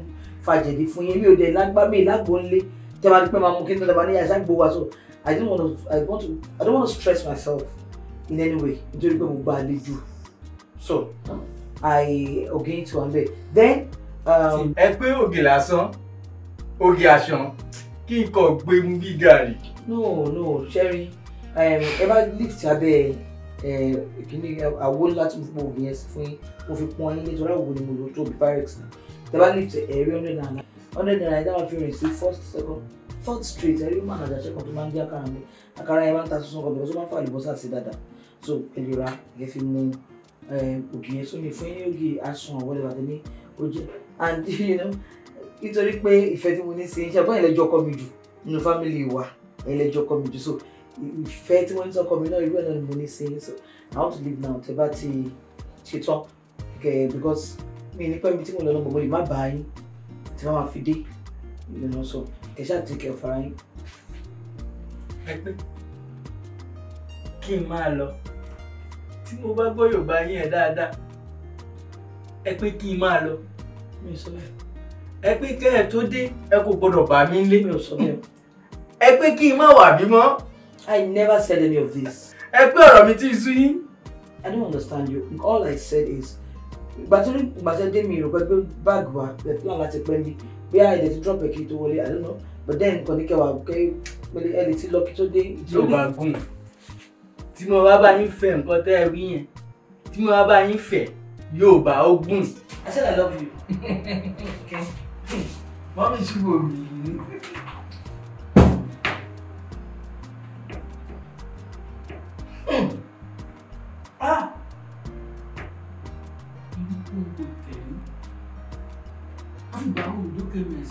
fàjèdí fún yín mi ò dẹ̀ lágbá mi lágbo ńlé tí a máa pẹ́ máa mú kí n tọ́jà bá ní àṣà gbowó aṣọ I don't want to I want to I don't want to stress myself in any way nítorí pé mo gba àlejò so I ògì tí wà ń then. Um, ẹ pé ògì lásán ògì àṣàn kí n kò gbé mu bí gàrí. no no sherry. Um, ẹ bá lift abẹ́ um, ìkíní àwo ńlá tí mo fi gbogbo yẹn fún yín mo fi pọn yín nítorí àwo ni mo lò tó barracks ni ẹ bá lift ẹ̀rí hundred naira hundred naira ẹ dáhùn fi rìn sí first second fourth street ẹ̀rí ó máa nàjà ṣẹ́kọ̀ọ́ tó máa ń jẹ́ àkàrà mi àkàrà yẹn máa ń ta tuntun kan because ó máa ń fa àlùbọ́sà sí dáadáa so ẹ lè ra ẹ fi mu um, ògì yẹn sómi fún yín ògì aṣọ àwọn ọ̀lẹ́wà tẹ́lẹ̀ ó and you know nítorí pé ìfẹ́ tí mo ní sí iṣẹ́ bọ́ ẹ̀lẹ́jọ́ kọ́ mi jù nínú fámìlì wa ẹ̀lẹ́jọ́ kọ́ mi jù so ìfẹ́ tí wọ́n ń sọ́kọ mi náà irú ẹ̀ náà ni mo ní sí so i want to leave now tẹ́ bá ti ṣetán kẹ̀ because mi ní pẹ́ẹ́mí tí mo lọ lọ́gbọ̀n mo lè má bàá yín tí wọ́n máa fi dé ìlànà sọ kẹ̀ ṣáà ti kẹ̀ ọ̀fara yín. ẹ pé kí n máa lọ tí mo bá gbọ́ Yorùbá yín ẹ̀ dáadáa ẹ pé kí n máa lọ mi sọ bẹ́ẹ̀ ẹ pé kẹ́ ẹ tó dé ẹ kò gbọ́dọ̀ bá mi lé mi ò sọ bẹ́ẹ̀ ẹ pé kí n má wà bímọ. I never said any of this. Ẹ pé ọ̀rọ̀ mi ti sú yín. I don't understand you. All I said is gbàtúrí gbàtẹ́dé mi rò pé pé báàgì wa the plan láti pẹ́ ní bí a ẹ̀dẹ̀ ti drop ẹ̀kí tó wọlé I don't know but then nǹkan ní kẹwàá kẹ́ pẹ̀lú ẹ̀dẹ̀ ti lọ́kí tó dé. tí o bá gùn tí mo bá bá yín fẹ́ nǹkan tẹ́ ẹ wí yẹn tí mo bá bá yín fẹ́ yóò bá ó gùn. I said I love you. okay. mọ́mí ṣubú mi.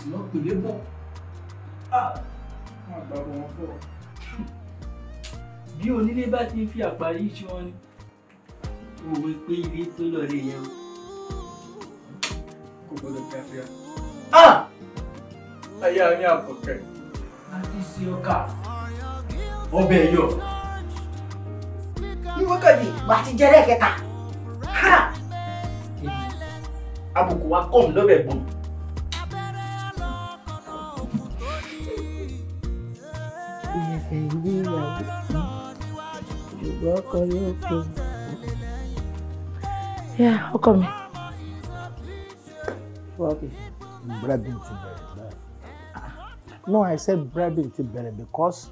sì lọ pèlé bọ̀ ah, wọn àgbàbọ̀ wọn Bi bí onílé bá ti fi àparí tí wọ́n ní òwe pé ilé tó lọ rí yẹn kò gbọdọ̀ kíákíá. ayé àwọn àpọ̀kẹ́. a ti ṣe ọkà ọbẹ̀ yọ. ní wákàtí wà á ti jẹ́rẹ́ kẹta. àbùkù wa kọ̀ ń lọ́bẹ̀ gbọ̀n. kọrí òkè yá ọkọ mi. bribing ti bẹ̀rẹ̀ no i said bribing ti bẹ̀rẹ̀ because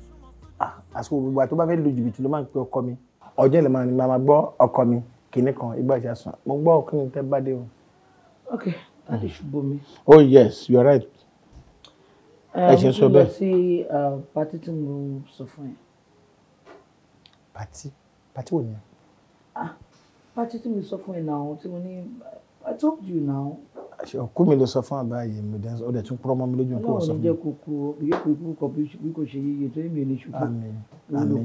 àsìkò gbogbo àti ó bá fẹ́ lu jìbìtì ló máa ń pe ọkọ mi ọjọ́ ìlẹ̀ máa ma gbọ́ ọkọ mi kìnnì kan ìgbà ìṣe àsùn mo gbọ́ ọkùnrin tẹ́ bá dé o. ok láti ṣubú mi. oh yes you are right. ẹ um, ṣe sọ bẹ́ẹ̀. mo ti lọ sí pati tí mo sọ fún ẹ. pati pàtí wò nìyẹn. pàtí tí mi sọ fún ẹ náà tí mo ní I told you now. ọkú mi ló sọ fún àbá yìí mi dẹ́n ọdẹ tún kúrọ́ mọ́ mi lójú kó wọ́n sọ fún mi. ọlọ́run jẹ́ kó kú ọ yóò kó ikú kọ bí kò ṣe yíyẹ torí mi ò ní ṣubú. àmín àmín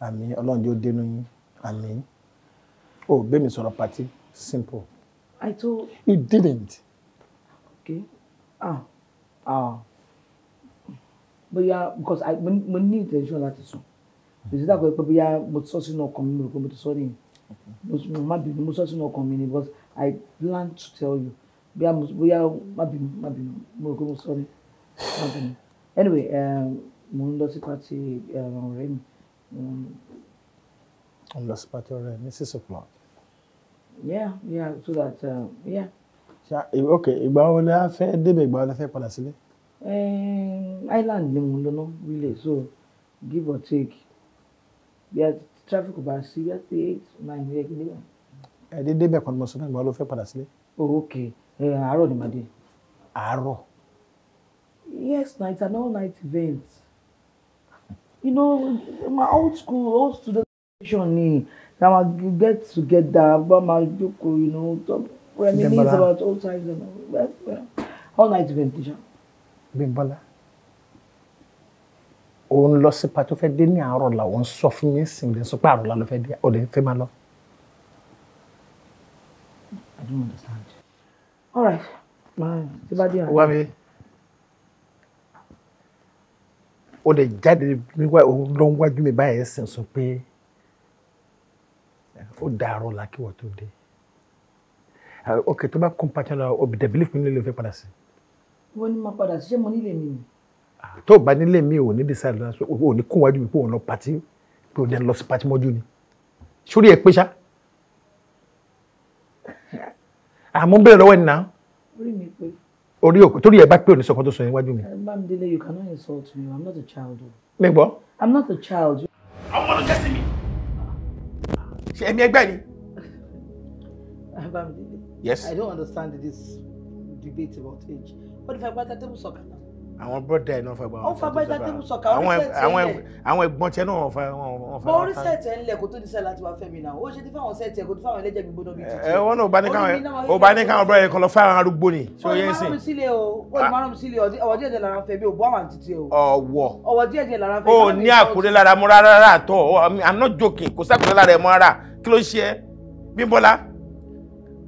àmín ọlọ́run jẹ́ ó dénú yín àmín. o bẹ́ẹ̀ mi sọ̀rọ̀ pàtí simple. I told. You didn't. Okay. Ah. Ah. But yeah, because I, mo ní intention láti sùn èsì dàgbọ́ pé bóyá mo sọ sínú ọkàn mi mo rò pé mo ti sọ nìyẹn mo má bínú mo sọ sínú ọkàn mi ni but I plan to tell you bóyá bóyá má bínú má bínú mo rò pé mo sọ ní má bínú anyway um, mo ń lọ sí pàtì um, ọ̀rẹ́ mi. mo um, ń lọ sí pàtì ọ̀rẹ́ mi six o'clock. yeah yeah so that uh, yeah. ok ìgbà wo ni a fẹ́ débẹ̀ ìgbà wo ni a fẹ́ padà sílé. island ni mo ń lọ náà really so give or take bí traffic. tráfíkì bá ń sí bí a ti eight nine ní ẹgbẹ́ níbẹ̀. ẹ dé débẹ̀ kan ni mo sọ fún ìgbà ló fẹ́ padà sílé. ok ẹ àárọ̀ ni màdé. àárọ̀. yes na it's an all night event you know my old school old student association ni na ma get together bá ma jókòó you know talk reminisce about old times and all that all night event. Bímbọ́lá òun lọ sí pàtó fẹ́ dé ní àárọ̀ là òun sọ fún yín sìn òde sọ pé àrùn lálọ́ fẹ́ dé òde fẹ́ máa lọ. I don't understand. All right. Tí bá dé àná. Wá mi. O lè jáde níwá òun lọ wájú mi báyìí sìn sọ pé ó dàárọ̀ là kí wọ́n tó dé. Ah, ok, tó bá kún pàtàkì náà, òbí dẹ̀ bílífù mi nílé ìfẹ́ padà sí. Wọ́n ní máa padà sí, ṣé mo nílé mi ni? tó o bá nílé mi ò ní decide lọ́sọ ò ní kún wájú mi pé òun lọ pàtí pé òun lọ sí pàtí mọ́jú ni sórí ẹ̀ pé ṣá àmọ́ bẹ̀rẹ̀ lọ́wọ́ ẹ̀ nà orí òkú torí ẹ̀ bá pé òní sọ tó sọ yẹn wájú mi. Bámidélé you cannot insult me I'm not a child. mi gbọ́. I'm not a child. àwọn ọmọ ló jẹ́ sí mi ṣe ẹ̀mí ẹgbẹ́ ni. Bámidélé. yes. I don't understand this debate about age. wọ́n ti fẹ́ gbá tẹ́tẹ́ mú sọ̀kan náà àwọn bọ́dà ẹ̀ náà fagbá wọn. ó fagbá ìta tẹ́bù sọ̀kà àwọn ẹ̀gbọ́n tiẹ̀ náà wọ́n fa wọn. bọ́ orí sẹ́ẹ̀tì ẹ̀ ń lẹ̀ kó tó di sẹ́ẹ̀ láti wá fẹ́mi náà ó ṣe tí fáwọn sẹ́ẹ̀tì ẹ̀ kó tó fáwọn ẹlẹ́jẹ̀ mi gbóná bíi títí. ẹ wọn náà ò bá ní káwọn bọ́dà yẹn kan lọ fáwọn arúgbó ni. wọ́n ti máa rán mi sílé o wọ́n ti máa rán mi sílé ọ̀wọ́ díẹ̀ díẹ̀ lára fẹ́ mi ò bọ́ àwọn àtìtì o. ọ̀wọ́ ọ̀wọ́ díẹ̀ díẹ̀ lára fẹ́ mi. o ní àkúrẹ́ lára mọ́ rárá àtọ̀ oh, I'm not joking kò sákúrẹ́ lára ẹ̀ mọ́ rárá kí ló ṣe é Bímbọ́lá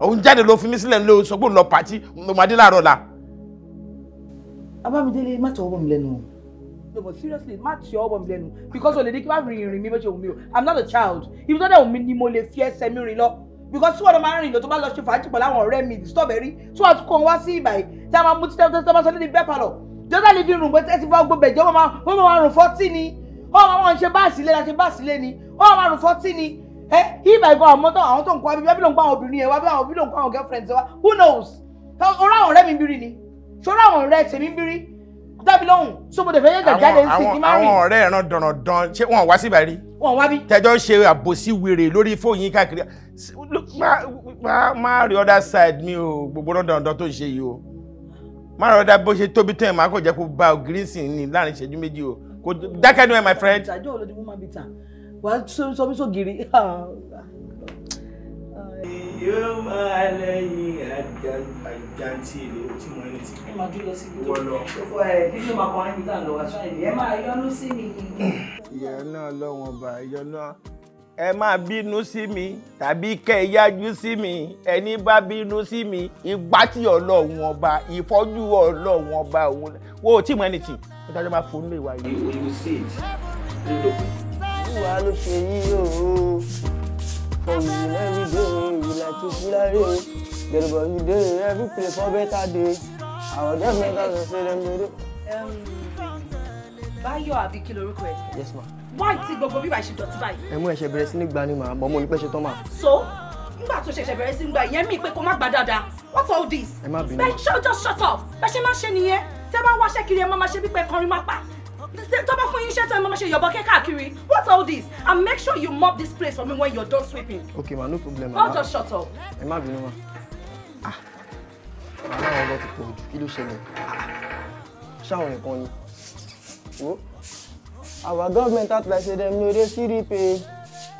òun jáde ló fi mí sílẹ̀ ló sọ pé òun lọ pàtí màdé láàárọ̀ la Abámidélé má tọwọ́ bọ̀ mi lẹ́nu o. No but seriously má tọwọ́ bọ̀ mi lẹ́nu because o lè ní kí n má rìn ìrìn mi bó ṣe wù mí o I'm not a child ibi tó dẹ̀ wù mí ni mo lè fi ẹsẹ̀ mi rìn lọ because tí wọ́n máa ń rìn lọ tó bá lọ ṣe fàájì pẹ̀lú àwọn ọ̀rẹ́ mi strawberry tí wọ́n kó wá sí ìbàyí tí a máa mú títẹ́ tẹ́tẹ́ máa sọ ní bẹ́ẹ̀ palọ̀ jọ́sà lè fi rùn pé tẹ́sí bá gbọ́bẹ̀ jọ́ wọ́n máa rùn fọ́tí ni wọ́n máa ń ṣe báàsì lé la ṣe báàsì lé ni wọ́n máa rùn fọ́tí ni ẹ ìbàyí gan àwọn tó àwọn tó ń kọ́ abíbí ló ń kọ́ àwọn obìnrin yẹn wá bí àwọn obìnrin ló ń kọ́ àwọn girlfriends wa who knows ọ̀rọ̀ àwọn ọ̀rẹ́ mi bírí ni ṣọ́ra àwọn ọ̀rẹ́ tèmi bírí dábì lọ́hùn so mo dẹ̀fẹ́ yẹ́gà jáde ń sìnkí má àwọn ọ̀rẹ́ ẹ̀ràn dandan ṣé wọ́n wá sí ìbàrí. wọ́n wá bí. tẹjọ́ ṣe àbòsí wèrè lórí fóònù yín káàkiri má rí other side mi o gbogbo dandan tó ń ṣe yìí o má rí ọ̀dà bó ṣe tóbi tó yẹn má kò jẹ́ kó ba ògiri sìn ní láàrin ìṣẹ́jú méjì o kò dákẹ́ my friend. ìtàjọ́ olódìmú má bìtà wàá sọ yóò máa lẹ́yìn àjàntì èlé o tí mo ẹni tí. ẹ máa dúró sí gbogbo wọlọ. gbogbo ẹ nínú ọmọ akọrin níta lọ wá sọ èdè ẹ máa yọnu sí mi. ìyá náà lọ́wọ́n bá yọnu ẹ máa bínú sí mi tàbí kẹ́ ẹ yájú sí mi ẹni bá bínú sí mi ìgbà tí ọlọ́run ọba ìfọ́jú ọlọ́run ọba òun wo tí mo ẹni tì mo dájọ́ máa fún un lè wá ìwé ìwé sí èyí ló ló ṣe yí o for me every day. We like to feel a day. Get up every day, every place for better day. Our death makers will say them do um, Báyọ̀ àbí lorúkọ ẹ̀? Yes ma. Why ti gbogbo bíbá ṣe dọ̀tí báyìí? Ẹ mú ẹ̀ṣẹ̀ bẹ̀rẹ̀ sí ní gbani ma, mọ̀ mo ní pẹ́ ṣe tán mà. So nígbà tó ṣẹ̀ṣẹ̀ bẹ̀rẹ̀ sí ní gba ìyẹn mi pé kó má gbà dáadáa. What's all this? Ẹ má bínú. Bẹ́ẹ̀ ṣọ́ just shut up. Bẹ́ẹ̀ ṣe má ṣe nìyẹn. Tẹ́ bá wáṣẹ́ kiri ẹ má má ṣe bí pé kọrin má pa tó bá fún you. iṣẹ́ tó Mama! máa your bucket, káàkiri what's all this and make sure you mop this place for me when you're done sweeping. okay ma no problem I'll just shut up. ẹ má bínú ma. ah màmá àwọn ọgbọ́ ti pọ̀ jù kí ló ṣẹlẹ̀ ṣáwọn nìkan ni. our government act like say dem no dey see repay.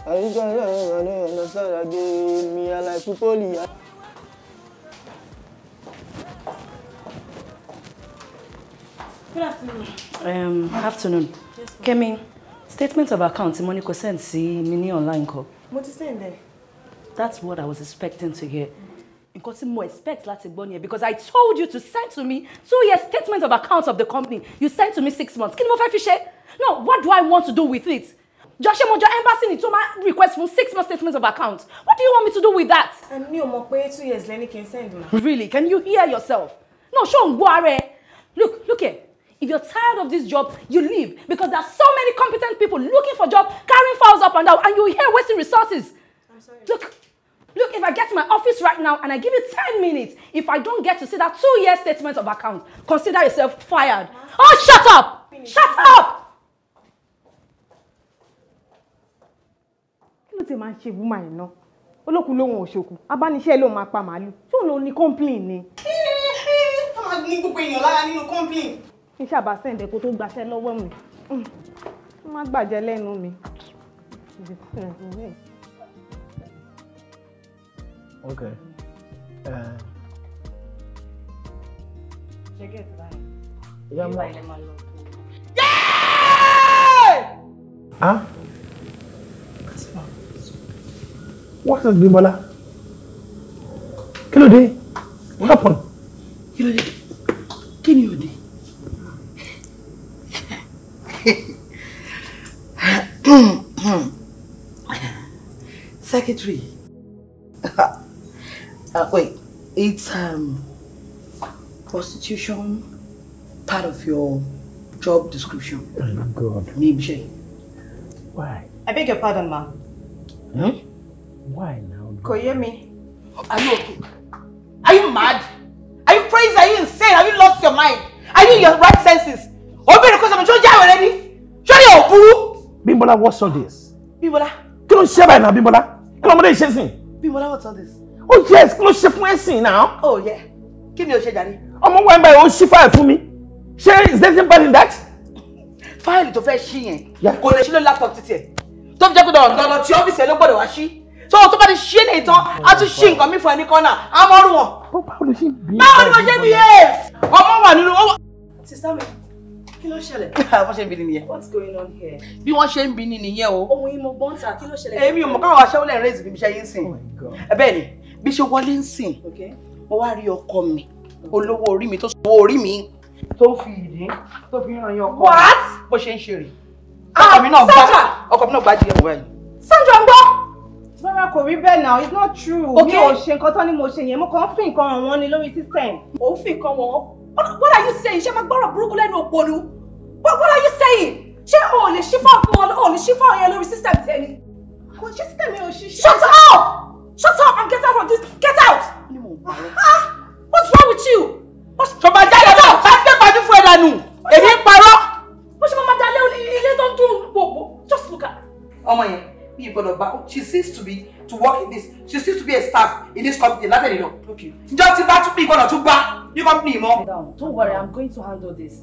àyíká ìlànà ìlànà ìlànà sára dé mi àlàyé púpọ̀ lìyà. Good afternoon. Um, afternoon. Yes, Kemi, statement of account tí mo ní kó send sí mi online kọ́. Mo ti send there? That's what I was expecting to hear. Nǹkan tí mo expect láti gbọ́ here because I told you to send to me two years statement of account of the company you sent to me six months. Kí ni mo fẹ́ fi No, what do I want to do with it? Joshua, Mojo embassy ni to my request for six months' statement of account. What do you want me to do with that? Um, mi ò mọ̀ pé two years lẹ́ni kí send ma. Really? Can you hear yourself? No, Show ń gbọ́ ara Look, look here. If you're tired of this job, you leave because there are so many competent people looking for jobs, carrying files up and down, and you're here wasting resources. I'm sorry. Look, look, if I get to my office right now and I give you 10 minutes, if I don't get to see that two-year statement of account, consider yourself fired. Huh? Oh, shut up! Finish. Shut up! Kí máa ń ṣe woman yìí náà? Olókùn lóhun òṣòkù, abániṣẹ́ ló máa pa màálù. Ṣé òun ló ní complain ni? Ṣé ó gbogbo èèyàn lára nínú complain? kí ṣàbá sẹ́ǹdẹ̀ kó tó gbaṣẹ́ lọ́wọ́ mi hmm. ó má gbàjẹ́ lẹ́nu mi. ok ṣe eh. gẹ̀ẹ́sì báyìí ìyá mọ́ ilé máa lọ. Huh? What is Bimbola? Kí ló dé? What happened? it um, prostitution part of your job description? Oh, God. Maybe. Why? I beg your pardon, ma'am. Huh? Hmm? Why now? Kò yé mi. Are you okay? Are you mad? Are you crazy? Are you insane? Have you lost your mind? Are you in your right senses? Obìnrin because I'm tí ó jẹ́ àwẹ̀rẹ́ ni. Ṣé ni ò what's all this? Bímbọ́lá. Kí ló share by now, náà Come on, ló ń this? ìṣe what's all this? oh yes kí ló ṣe fún ẹ̀sìn náà. oh yeah kí ni o ṣe jàre. ọmọ wa ń bá yẹn ó ṣí fáìlì fún mi ṣé is there anything bad in that. fáìlì tó fẹ́ ṣí yẹn kò lè ṣí lórí laptop títí ẹ̀ tó fi jẹ́ pé dandan dandan tí ọ́fíìsì ẹ̀ ló gbọ́dọ̀ wá ṣí tó tó bá ti ṣí lè tán á tún ṣí nǹkan mi fún ẹni kan náà á mọ́ rú wọn. báwo ni mo ṣe bí yé ọmọ wà nínú ọwọ́. sista mi kí ló ṣẹlẹ̀. wọ́n ṣe ń bi ni nìyẹn. what's going on here. bí wọ́n ṣe ń bi ni nìyẹn o. ohun yìí mo gbọ́n ta kí ló ṣẹlẹ̀. èmi ò mọ̀ káwọn aṣẹ́wó lẹ́yìn rẹ́ẹ̀sì bíbi iṣẹ́ yín sìn. Oh bẹ́ẹ̀ ni bí ṣe wọlé ń sìn mo wá rí ọkọ mi olówó orí mi tó sọ owó orí mi tó fi ìdí tó fi ràn yín ọkọ bó ṣe ń ṣe rè ah, ọkọ mi náà gbá ọkọ mi náà gbá jíjẹ bàbá yìí. Sandra ń gbọ́. rárá kò rí bẹ́ẹ̀ náà it's not true. mi ò ṣe nǹkan tán ni mo ṣe yẹn mo kàn ń fi nǹkan hàn wọ́n ni lórí system. ò ń fi nǹkan wọ̀n what are you saying ṣé máa gbọ́rọ̀ burúkú lẹ́nu òpònú what are you saying ṣé o ò lè ṣífà fún ọ ò lè ṣífà yẹn lórí system tẹ́ni. kò ṣe shut up. Shut up and get out of this. Get out! Ah, ah, what's wrong with you? Ṣọba jáde náà ṣá gbé pàdé fún ẹ̀dá nù. Èmi ń parọ́. Bó ṣe máa ma dalẹ̀ ilé tó ń dún Just look at. Oh my, mi ì gbọdọ̀ bá she seems to be to work in this she seems to be a staff in this company látẹ̀lé lọ. Ǹjọ́ ti bá tún mi gbọdọ̀ tún you ní company more. Don't worry, I'm going to handle this.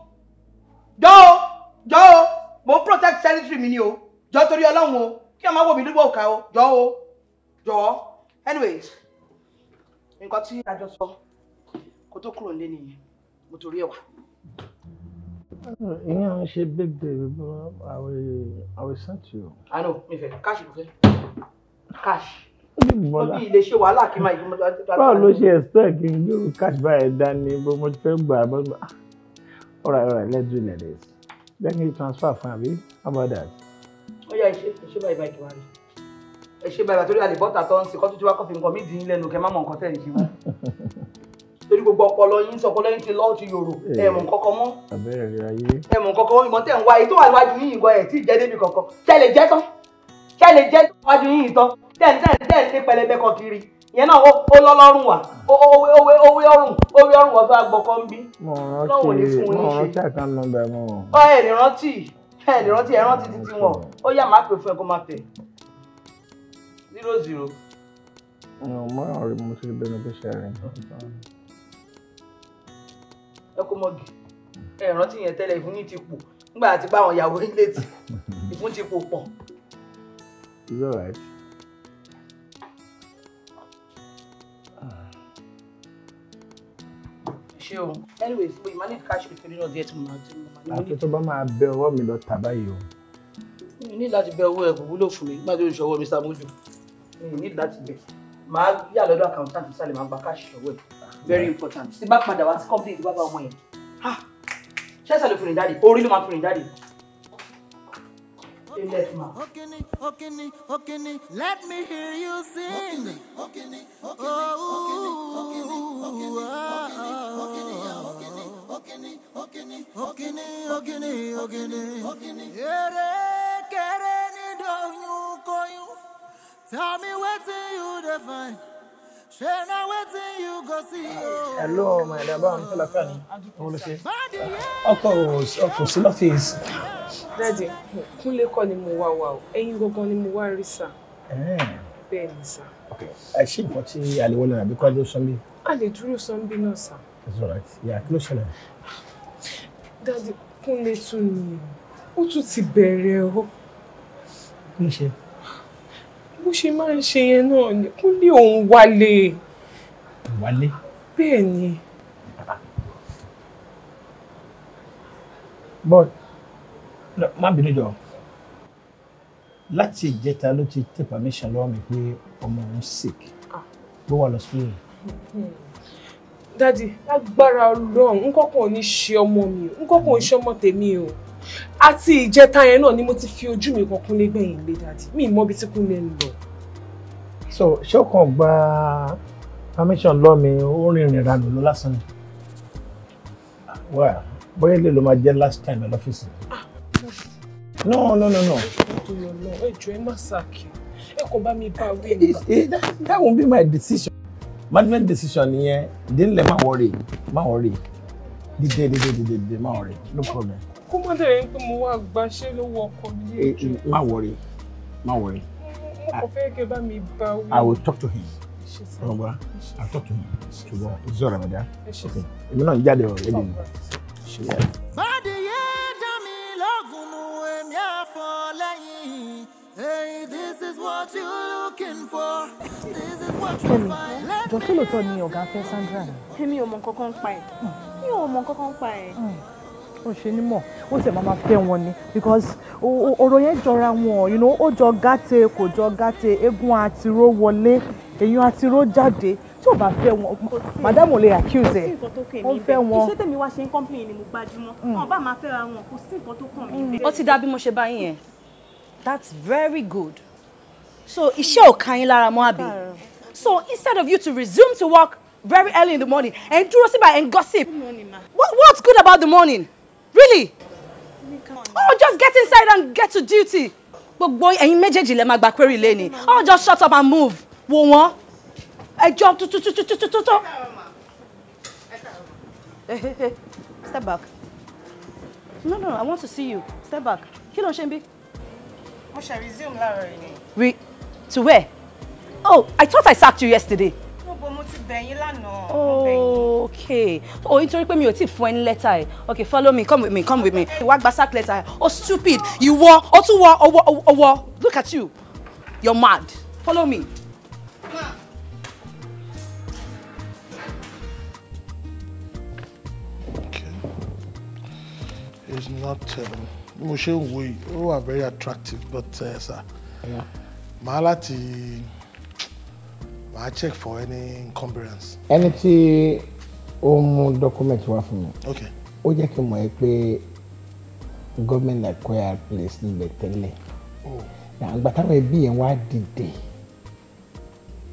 jọ o jọ o mo ń protect territory mi ni o jọ torí ọlọ́run o kí ọmọ wò mí lúgbọ̀ òkà o jọ o jọ anyways nǹkan tí àjọ sọ kó tó kúrò nílé nìyẹn mo torí ẹ wá. ìyẹn ṣe bẹ́ẹ̀ bẹ́ẹ̀ àwẹ̀ sẹ́ǹtì o. àná mi fẹ́ káàṣì kò fẹ́ káàṣì báwo ló ṣe expect kí n gbé cash báyìí dání bó mo ti fẹ́ gbà bó all right all right let's do it like this Then you transfer fún me. how about that. Oh yeah, I should buy báyìí kí wàá rí ẹ ṣe báyìí torí àlè bọ́tà tó ń sin kọ́tù tí wàá kọ́ fi nǹkan mí dín lẹ́nu kẹ́ má mọ nǹkan tẹ̀ ń ṣe mọ́ torí gbogbo ọpọlọ yín sọ ọpọlọ yín ti lọ́ọ̀ ti yòrò eh. ẹ mọ̀ nǹkankan mọ́ ẹ mọ̀ nǹkankan mọ́ ìmọ̀ tẹ̀ ń wá èyí tó wà níwájú yín ìgbọ́ ẹ̀ tí ì jẹ́ débi kankan kẹ́ lè jẹ́ tán kẹ́ lè jẹ́ níwájú yín ìtàn tẹ̀ ń tẹ̀ ń tẹ̀ ń lé pẹlẹbẹ kan kiri yẹn náà ó lọ lọ́rùn wa owó owó owó ọrùn owó ọrùn wọ́n fẹ́ gbọ́kọ́ ń bí. mo rántí mo rántí àkàn nọ́mbà mọ. ọ ẹ lè rántí ẹ lè rántí ẹ rántí títí wọn ó yá máa pè fún ẹ kó máa tẹ zero zero. mo ràn rí mo ti rí bẹ́ẹ̀ ni bó ṣe rìn. ẹ kó mọ́gì ẹ rántí yẹn tẹ́lẹ̀ ìfún yìí ti pọ̀ nígbà tí báwọn yàwó ilé ti ìfún ti pọ̀ pọ̀. it's alright. ṣe o anyways mo ìmọ̀ ní káṣí kékeré náà díẹ̀ tí mo máa ti mọ̀ máa ní. àti tó bá máa bẹ ọwọ́ mi lọ tà báyìí o. mi ní láti bẹ owó ẹ kò wúlò fún mi má ló ń ṣọwọ́ mi sábójú mi ní láti bẹ máa yà lọ́dọ̀ accountant sálẹ̀ máa gba káṣí ṣọwọ́ ẹ very important tí bá padà wá sí company tí bá bá ọmọ yẹn ṣẹ́sẹ̀ ló fi rìn jáde orí ló máa fi rìn jáde till death mark. Let me hear you sing. Tell me what's you define. Oh. hello my dear. n tẹ́lá fẹ́ ni òun ló ṣe ọkọ̀ ọkọ̀ sí lọ́fíìsì. dáàdì kúnlé kọ́ ni mo wá wa o ẹ̀yin gangan ni mo wá rí sà. bẹ́ẹ̀ ni sà. ẹ ṣe nǹkan tí àlewọlé àbí kọ́ ló sọ́nbí. a lè dúró sọ́nbí náà sà. that's all right yà kí ló ṣẹlẹ̀. dáàdì kúnlé tún ni ó tún ti bẹ̀rẹ̀ o. kí ló bó ṣe máa ń ṣe yẹn náà ni kúnlé òun wálé. wálé. bẹ́ẹ̀ ni. but má bínú jọ láti ìjẹta ló ti tẹ permission lọ́wọ́ mi pé ọmọ òun sick ló ah. wà lọ́sibítù. dadi lágbára Ọlọ́run nǹkan kan ò ní ṣe ọmọ mi nǹkan ò ṣe ọmọ tèmi o. Mm -hmm àti ìjẹta yẹn náà ni mo ti fi ojú mi kan kún lẹ́gbẹ̀yìn lé dáàdì mi mọ ibi tí kún lè lọ. so ṣọkàn gba permission lọ́mi ó rìnrìn ìranù ló lásán ni bóyá ilé ló máa jẹ́ last time ẹ̀ lọ́fíìsì. Ah, no no no no. ẹ ẹ má ṣàkí ẹ kò bá mi bá wí that won't be my decision management decision nìyẹn dínlẹ̀ má worry má worry dídé dídé dídé má worry no problem kó má dẹ̀ yẹn pé mo wá gbaṣẹ́ lọ́wọ́ ọkọ mi. Eh, eh, má wọrí má wọrí. mo kò fẹ́ kẹ́ bá mi bá wí. I will talk to him. ọ̀rọ̀mọ̀ra I will talk to him. ṣùgbọ́n ìṣe ọ̀rọ̀ mẹ́ta èmi náà ń jáde ọ̀rọ̀ lédè mi. bádìyẹ dá èmi àfọ̀ lẹ́yìn. Hey, this is what you're looking for. This is what you find. Jọ̀ọ́ kí lóòótọ́ ni ọ̀gá fẹ́ Sandra? Èmi ò mọ nǹkan kan pa ẹ̀. Mi ò mọ nǹkan kan pa ẹ̀. Hmm ó ṣe nímọ̀ ó sì máa fẹ́ wọn ni because ọ̀rọ̀ yẹn jọra wọn you know ó jọ gàtè kò jọ gàtè eégún àtiró wọlé èèyàn àtiró jáde tí ò bá fẹ́ wọn madam ò accuse ẹ̀ ó fẹ́ wọn. iṣẹ́ tèmi wá ṣe ń complain ni mo gbajúmọ̀ mm. wọn bá máa fẹ́ra wọn kò sí nǹkan tó kàn mí. ó ti dá bí mo ṣe bá yín yẹn that's very good so iṣẹ́ ò kan yín lára mọ́ àbí so instead of you to resume to work very early in the morning and dúró síbà and gossip what, what's good about the morning. Really? Oh, just get inside and get to duty. But Gbogbo ẹ̀yin méjèèjì lẹ máa back query lẹ́ni. Oh, just shut up and move. I jump to to to to to to to. Step back. No, no, I want to see you. Step back. Kill on Shembi. We, ń resume láàárọ̀ yìí to where? Oh, I thought I sacked you yesterday mo ti bẹ̀ yín lánàá. okay o oh, nítorí pé mi ò tí ì fún ẹ ní lẹ́tà ẹ̀ okay follow me come with me come with me wá gba sack letter ẹ̀ o oh, stupid ìwọ o tún wọ ọwọ ọwọ look at you you're mad follow me. Ma. is not um, mo ṣe ń wo yìí ó wà very attractive but uh, sir màá láti. Yeah màá check for any encumbrance. ẹni tí ó mú document wá fún mi ó jẹ́ kí n mọ̀ ẹ́ pé government acquired place níbẹ̀ tẹ́lẹ̀ oh. àgbà táwọn ẹbí yẹn wá dìde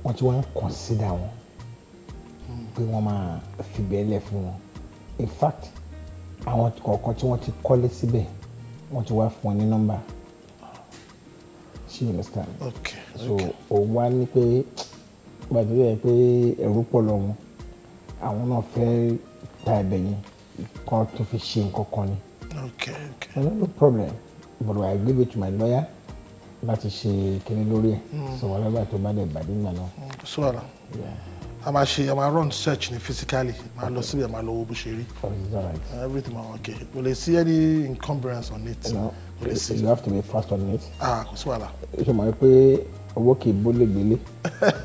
wọ́n ti wá consider wọn hmm. pé wọ́n máa fìbẹ́ lẹ̀ fún wọn in fact àwọn kọ̀ọ̀kan tí wọ́n ti kọ́lé síbẹ̀ wọ́n ti wá fún wọn ní nọ́mbà ah. she understand okay, so òun wá ní pé ìgbà tó yẹ pé ẹ̀rú pọ̀ lọ́wọ́ àwọn náà fẹ́ ta ẹ̀bẹ̀ yẹn kan tó fi ṣe nǹkan kan ni. okay okay. no problem but I give it to my lawyer láti ṣe kíní lórí ẹ̀ sọ wọn lọ́gbà tó bá dẹ̀ bàdé ìgbà náà. Hmm, sọ wàrà a máa ṣe a máa run search ni physically máa lọ síbẹ̀ máa lọ wo bó ṣe rí everything ma okay kò lè sí any encumbrance on it. kò lè sí you have to be fast on it. ah kò sí wàhálà. ṣe mọ̀ pé owó kì í bólè gbélé.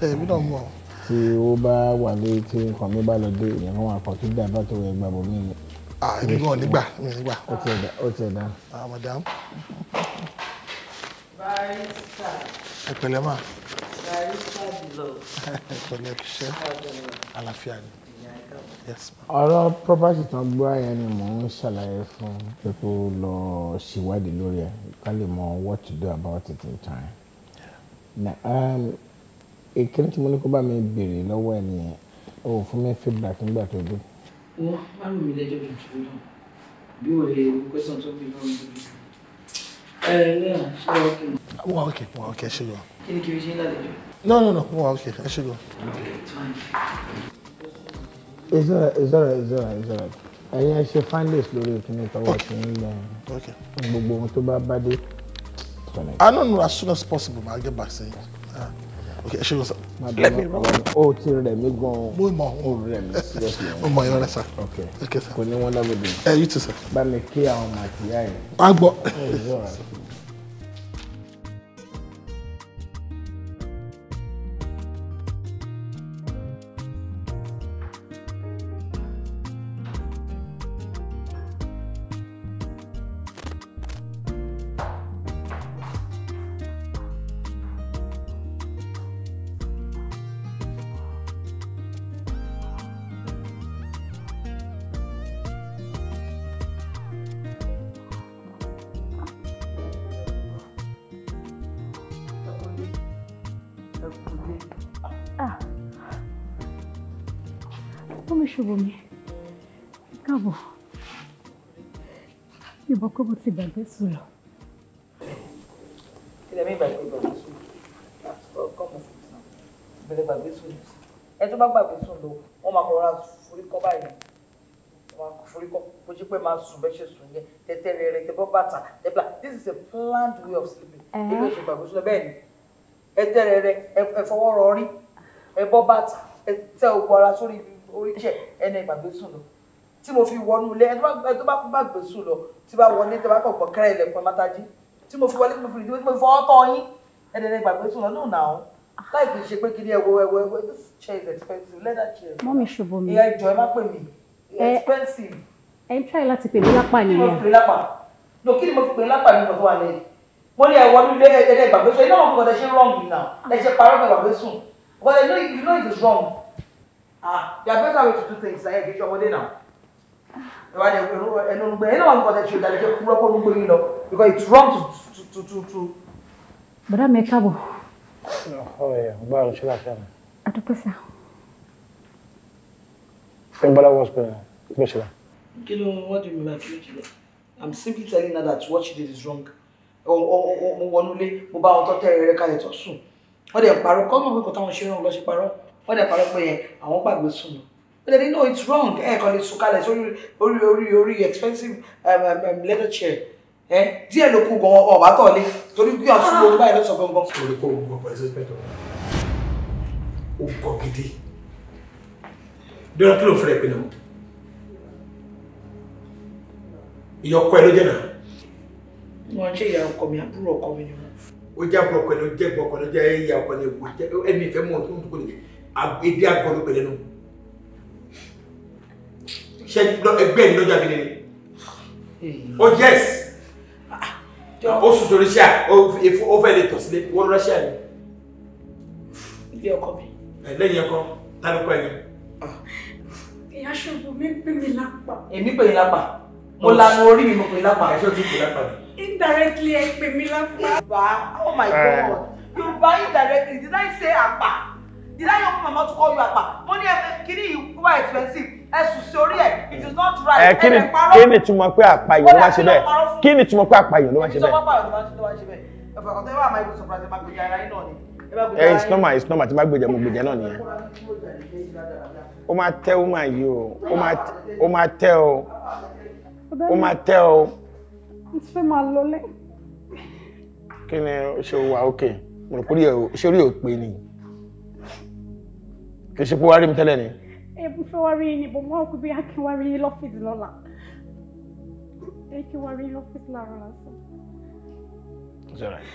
èmi náà mọ̀. tí ó bá wà lé tí nǹkan mi bá lọ dé èèyàn kan wà kan kí dàbá tó yẹ gbàgbọ́ mi ni. èmi gan nígbà mi nígbà. ó ti ẹ̀dá ó ti ẹ̀dá. madam. barista. ẹ pẹ̀lẹ́ ma. barista lọ. ẹ pẹ̀lẹ́ ṣe àlàáfíà ni ọ̀rọ̀ property tán gbọ́ àyẹ̀ ni mò ń ṣàlàyé fún pé kó lọ ṣèwádìí lórí ẹ̀ ká lè mọ what to do about it in time. Ah, ìkíni tí mo ní kó bá mi béèrè lọ́wọ́ ẹ nìyẹn o fún mi feedback nígbà tó dé. wọ́n má lù mí lẹ́jọ́ tuntun náà bí o lè question tó bí lọ́wọ́ mi. ẹ eh, ẹ ṣé wọ́n kì í. wọ́n kì í wọ́n kì í ṣe lọ. kí ni kí n ṣe ń lálejò. no no no wọ́n kì í ẹ ṣe lọ. it's alright it's alright it's alright it's alright ẹ̀yin ẹ ṣe findings lórí ìkíni tọwọ́ ti ń lọ gbogbo ohun tó bá bá dé tonight? I don't know. As soon as possible, but I'll get back to you. Ah. okay, she was. Let me run. Oh, till let me go. Mo mo. Oh, let me seriously. Mo mo, you're sir. Okay. Okay, sir. Kò eh, you wọ́n lábẹ́ dùn. Ẹ yìí tún sir. Bá mi kí àwọn màtí yá yẹn. A gbọ́. Oh, pé mo ti gbàgbé sùn lọ. kí lẹ́mí ìgbàgbé gbàgbé sùn ọkọ mi sàn ìbẹ̀rẹ̀ gbàgbé sùn ẹ tó bá gbàgbé sùn lọ wọ́n máa kọ́ra foríkọ́ báyìí wọ́n máa foríkọ́ bójú pé máa sùn bẹ́ẹ̀ ṣe sùn yẹn tẹ́tẹ́ rẹ̀ rẹ̀ tẹ́ bọ́ bàtà tẹ́bílà this is a planned way of sleeping ilé ìṣe gbàgbé sùn lọ bẹ́ẹ̀ ni ẹ tẹ́ rẹ̀ rẹ̀ ẹ fọwọ́ rọrí ẹ bọ́ bàtà ẹ tẹ́ òkú ara sórí orí jẹ́ ẹni ìgbàgbé sùn lọ tí mo fi wọnú ilé ẹni tó bá kú bá gbé sùn lọ tí bá wọlé tó bá kọ̀ gbọ́ kẹ́rẹ́ ilẹ̀kùn mátájí tí mo fi wọlé tí mo fi rìn tí mo fi fọwọ́ tọ́ yín ẹ̀ẹ́dẹ̀ẹ́dẹ̀ gbàgbé sùn lọ náà nà án láì kì í ṣe pé kí ni ẹ̀wọ̀ ẹ̀wọ̀ ẹ̀wọ̀ this chair is expensive leather chair. mọ́ mi ṣubú mi ìyá ìjọ ẹ má pè mí expensive. ẹ ń try láti pè mí lápá nìyẹn. mo fi pè lápá no kí ni mo fi pè lápá nínú ọ̀tún wa lẹ́yìn mo ní ẹ̀wọ̀ nílé ẹ̀ẹ́dẹ̀ gbàgbé sùn iná wọn kò tẹ̀ ṣe wrong now ẹ̀ ṣe parọ́ gbàgbé sùn because you know it is wrong ah there are better ways to do things like ẹ̀ kì í ṣe now ẹnu gbẹ ẹnu àwọn nǹkan tẹ ṣe ìdálẹ́jẹ́ kúrọ́ kó gbé yín lọ because it's wrong to to to to. bàdá mi káàbọ̀. gbọ́ àrùn ṣe láti àná. àdúpẹ́ sà. ẹ gbọ́dọ̀ wọ́n sọ Oh oh oh, ṣe lọ. kí ló wọ́n dì mí bá kí ló ṣe lọ i'm simply telling her that what she did is wrong mo wọnúlé mo bá wọn tọ́tẹ́ rẹ kalẹ̀ tó sùn wọ́n dẹ̀ parọ́ kọ́ mọ̀ pé kò táwọn ṣe rán lọ ṣe parọ́ wọ́n dẹ̀ parọ́ pé àwọn gbàgbé sùn náà But lè ní no it's wrong ẹ eh, kàn lè sùkalẹ̀ sórí orí orí orí expensive um, um, um leather chair ẹ eh? díẹ̀ ló kú gan ọ̀bá tọ̀lé torí bí ọ̀sùn ló báyìí lọ́sọ̀ gangan. orí kò gbọ́ pẹ̀lú sẹ́sìpẹ̀tọ̀ ó gbọ́ gidi dọ́là kí ló fẹ́rẹ̀ pé náà ìyá ọkọ ẹ ló jẹ́ náà. wọn ṣe ìyá ọkọ mi àbúrò ọkọ mi ni wọn. ó jẹ́ àbúrò ọkọ ẹ ló jẹ́ ọkọ ẹ ló jẹ́ ìyá ọkọ ẹ ní ìwé ẹni ìfẹ́ mọ́ ọdún tó kọ́ ni èdè àgbọ̀lọ́pẹ̀lẹ́nu ṣe ẹgbẹ́ mi lọ́jọ́ abílẹ̀ ni oh yes ah, ó sùn sórí ṣíà ó fẹ́ lè tọ̀ sílé wọ́n lọ́ọ́ ṣíà ni. ilé ọkọ mi. lẹ́yìn ẹ̀kọ́ ta ló kọ́ ẹ̀yìn. Ah. ìyá ṣòro mi pè mí lápá. èmi pè mí lápá mo oh, lanu orí mi mo pè mí lápá. ẹ̀ṣọ́ ti pè lápá mi. indirectly ẹ pè mí lápá. bá oh my eh. god yorùbá indirectly did i say àpà did i help mama to call you àpà mo ní ẹ kiri ìwà expensive ẹ̀sùn sí orí it is not right ẹ̀ ẹ̀ parọ́ kí ni pé àpàyàn ló máa ṣe bẹ́ẹ̀ kí ni túmọ̀ pé àpàyàn ló máa ṣe bẹ́ẹ̀. ẹ eh, it's normal it's normal tí bá gbèjà mo gbèjà náà nìyẹn ó máa tẹ́ ó máa yí o ó máa tẹ́ o ó máa tẹ́ o. mo ti fẹ́ máa lọlé. kí ni ṣe wà ókè mo rò pé ṣé orí ò ni kì í ṣe pé wàá rí mi tẹ́lẹ̀ ni ebu fẹ́ wá rí ni bò mọ́ òkú bí akin wá rí yín lọ́fíìsì lọ́la akin wá rí yín lọ́fíìsì lára lásán. It's all right.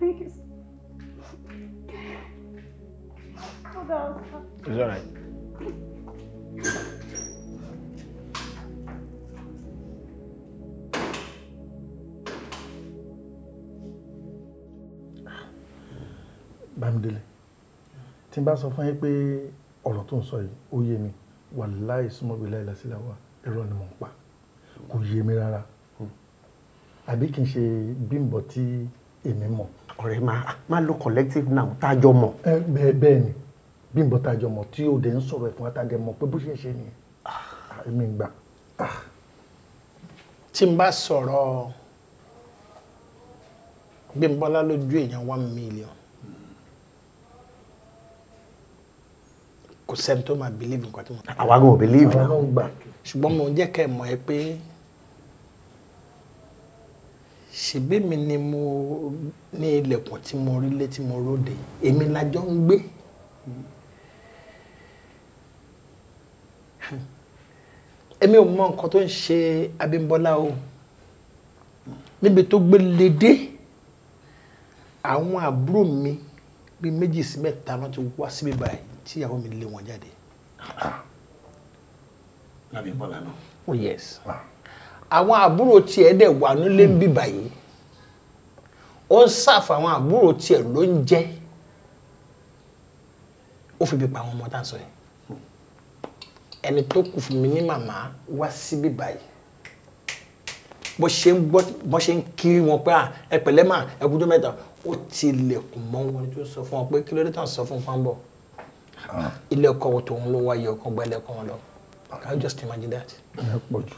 Thank you. Hold on. It's all right. Bámidélé, tí n bá sọ fún yín pé ọ̀rọ̀ tó ń sọ yìí ó yé mi wàláì súnmọ́ bíi láìláṣílẹ̀ wa irọ́ ni mò ń pa kò yé mi rárá hmm. àbí kì í ṣe bímbọ̀ tí èmi mọ̀. ọ̀rẹ́ máa máa lo collective noun tájọ mọ̀. bẹ́ẹ̀ ni bímbọ̀ tájọ mọ̀ tí o dẹ̀ ń sọ̀rọ̀ ẹ̀fọn àtàdé mọ̀ pé bó ṣe ń ṣe nìyẹn ah, èmi ń gbà. Ah. tí n bá sọ̀rọ̀ bímbọ́lá lójú èèyàn one million kò sẹ́ni tó máa believe nǹkan tí mo. àwa gan believe náà. àwa gan ò ṣùgbọ́n mo jẹ́ kẹ́ ẹ̀ mọ̀ ẹ pé ṣèbí mi ni mo ní ilẹ̀kùn tí mo rí lé tí mo ròde èmi lájọ ń gbé. èmi ò mọ nǹkan tó ń ṣe Abímbọ́lá o níbi tó gbé lédè àwọn àbúrò mi bíi méjì sí mẹ́ta náà ti wá síbí báyìí tíyàwó mi lé wọn jáde. lábẹ́ ah, ah. bọ́lá náà. oh yes. àwọn àbúrò tiẹ̀ dẹ̀ wà nílé ń bí báyìí ó ń ṣàfà àwọn àbúrò tiẹ̀ ló ń jẹ́ ó fi bí pa àwọn ọmọ tá à sọ yìí ẹni tó kù fún mi ní màmá wá síbí báyìí bó ṣe ń gbọ́ bó ṣe ń kiri wọn pé ah, ẹ pẹ̀lẹ́ mà ẹ kú tó mẹ́ta ó tilẹ̀kùn mọ́ wọn tó sọ fún wọn pé kí ló dé tán sọ fún fún bọ́. Ah. ilé ọkọ tòun ló wáyé ọkọ gbẹlẹkùn lọ can you just imagine that. ẹ pọ̀ jù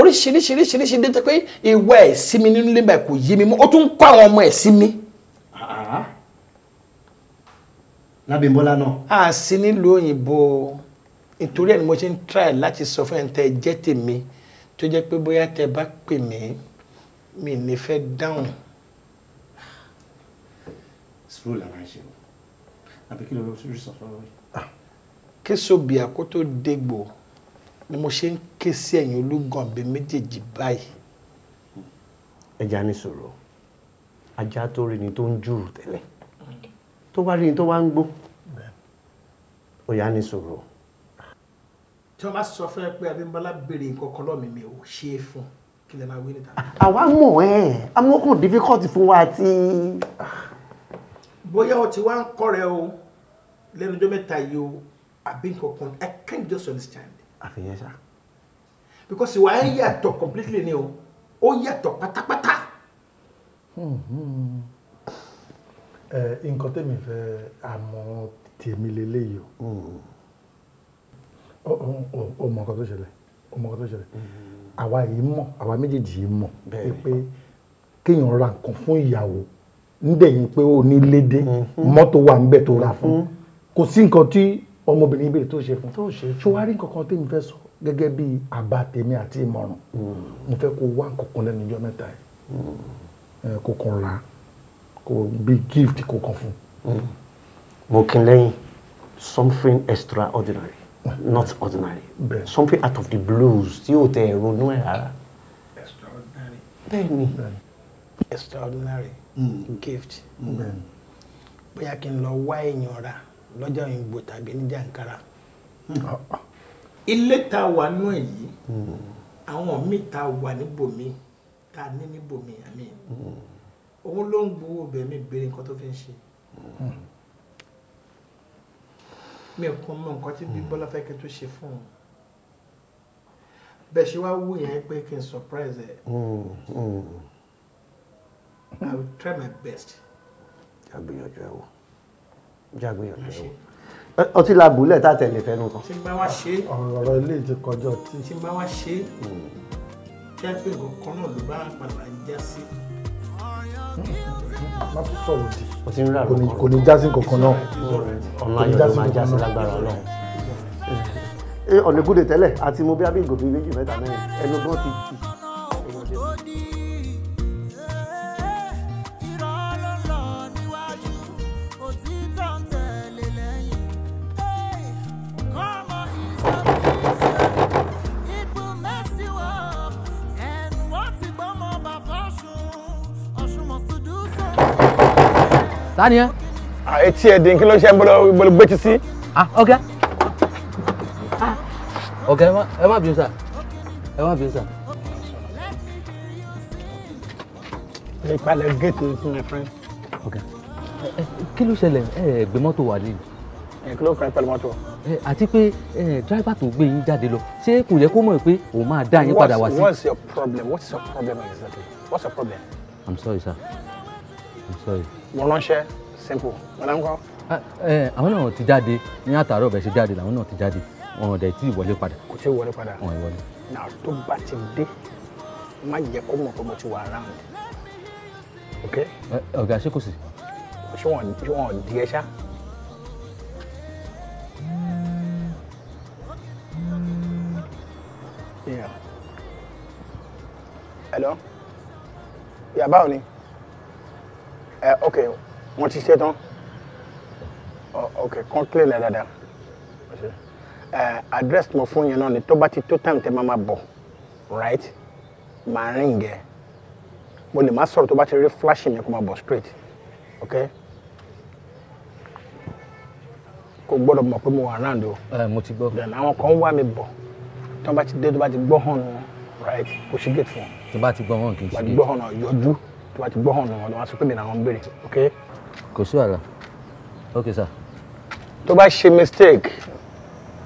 oríṣiríṣiríṣiríṣi dé tẹ pé ìwọ ẹ sí mi nínú lébà kò yé mi mọ́ ó tún kọ́ àwọn ọmọ ẹ sí mi. Ah. lábìmbọ́lá náà. a sì nílùú òyìnbó nítorí ẹ ni mo ṣe ń try láti sọ fún ẹ tẹ jẹ́ tèmi tó jẹ́ pé bóyá tẹ bá pè mí mi ní fẹ́ dáhùn. sùúrù làwọn ṣe o àbí kí ló rí sọ sọ́rọ̀ yìí. kéṣobìà kó tó dégbò ni mo ṣe ń ké sí ẹ̀yìn olúgànbẹ méjèèjì báyìí. ẹja ní sọ̀rọ̀ ajá tó rí ni tó ń jùrù tẹ́lẹ̀ tó bá rí ni tó wá ń gbó ọ̀yá ní sọ̀rọ̀. tí wọ́n bá sọ fún ẹ pé Abímbọ́lá béèrè nǹkan kan lọ́mìí mi ò ṣe é fún kí lè máa wí níta. àwa mọ̀ ẹ́ amókùn difficult fún wa ti. Ah bóyá o ti wá ń kọ́ rẹ o lẹ́nu ọjọ́ mẹ́ta yìí o àbí nǹkankan i can't just understand. àfihàn ṣá. because ìwà ẹ̀ yàtọ̀ completely ni o ó yàtọ̀ pátápátá. Hmm. Eh, nǹkan tẹ̀mí fẹ́ àmọ́ tèmi lélẹ́yìí o ọmọ hmm. nǹkan tó ṣẹlẹ̀ ọmọ nǹkan tó ṣẹlẹ̀ hmm. àwa yìí mọ̀ àwa méjèèjì yìí mọ̀ pé kéèyàn ra nǹkan fún ìyàwó ń dẹ̀yìn o ó ní lédè mhm. mọ́tò wà ń bẹ̀ tó ra fún mhm. kò sí nǹkan tí ọmọbìnrin bèrè tó ṣe fún ṣé wàá rí nǹkan kan tèmi fẹ́ sọ gẹ́gẹ́ bí àbá tèmi àti ìmọ̀ràn mhm. mo fẹ́ kó wá nǹkan kan lẹ́nu ọjọ́ mẹ́ta yìí kó ra kó bí gift kó kàn fún. mo kí n something extraordinary not ordinary something out of the blues tí yóò tẹ ẹ̀rọ inú ẹ̀ rárá. extraordinary. bẹ́ẹ̀ ni. extraordinary. Mm. gift mm. Mm. bóyá kí n lọ wá èèyàn ra lọ́jà òyìnbó tàbí ní jàǹkàrà ah, ah. ilé ta wà nú ẹ̀ yìí àwọn míì ta wà níbòmí ta ní níbòmí àmì òun ló ń gbowó bẹ̀ mí béèrè nǹkan tó fi ń ṣe mi ò kàn mọ nǹkan tí Bímbọ́lá fẹ́ kí n tó ṣe fún un bẹ́ẹ̀ ṣe wá wú yẹn pé kí n surprise ẹ̀. I will try my best. Jàgbìyànjú ẹ̀ wò. Jàgbìyànjú ẹ̀ wò. Ọtí la bùlẹ̀ tá a tẹ̀lé fẹ́nu kan. Tí n bá wá ṣe. Ọ̀rọ̀ ilé ti kọjọ tí. Tí n bá wá ṣe. Jẹ́ hmm. pé nǹkan náà ló bá padà já sí. Má tún sọ̀rọ̀ di. O ti ń rà lọ́kọ̀. Kò ní já sí kankan náà. Ọ̀nà ayọ̀ ló máa já sí lágbára eh, Ọlọ́run. Ọ̀nà ìgúdè tẹ́lẹ̀ àti mo bí abíǹgò fi méjì mẹ́ta mẹ́rin ẹnu gan ti tì. sani yẹn. Ah, etí ẹ̀ dín kí ló ṣe ń bọ́lọ́ bọ́lọ́ gbé sí. ah ok ah, ẹ má bínú sá ẹ má bínú sá. ṣe géètì ní my friend. ok eh, eh, kí ló ṣẹlẹ̀ ẹ eh, mọ́tò wà lẹ́yìn. kí ló kàn pẹ̀lú mọ́tò. àti pé dírẹ́bà tó gbé yín jáde lọ ṣé kò yẹ kó mọ̀ pé òun máa dá yín padà wá sí. what's your problem what's your problem exactly what's your problem. i'm sorry sir i'm sorry mo ránṣẹ́ simple madam kọ́. Ah, eh, àwọn náà ti jáde ní àtàárọ̀ bẹ́ẹ̀ ṣe jáde làwọn náà ti jáde wọn ò dẹ̀ tí ì wọlé padà. kò tí ì wọlé padà. wọn ì wọlé. náà tó bá ti dé má jẹ́ kó mọ̀ pé mo ti wà around ok. Eh, ọ̀gá ṣé kò sí. ṣé wọn ṣé wọn di ẹ ṣá. hello yàrá báwo ni ẹ eh, ok wọ́n ti ṣe tán oh, ok kàn clean ẹ dáadáa ẹ eh, address mọ fún yẹn náà ni tó bá ti tó mama bo, máa ma bọ̀ right màá rìn gẹ mo lè má sọ̀rọ̀ tó bá flashing yẹn kó máa bọ̀ straight ok kò gbọ́dọ̀ mọ̀ pé mo wà round o. ẹ eh, ti gbọ́. then àwọn kan wá mi bọ̀ tó bá ti dé tó bá ti right kò sí get fún. tó bá ti gbọ́ hàn kì í ṣe gate. bá ti gbọ́ hàn tó bá ti gbọ́ hàn wọn wọn sọ pé mi làwọn ń béèrè ok. kò ok sir. tó bá ṣe mistake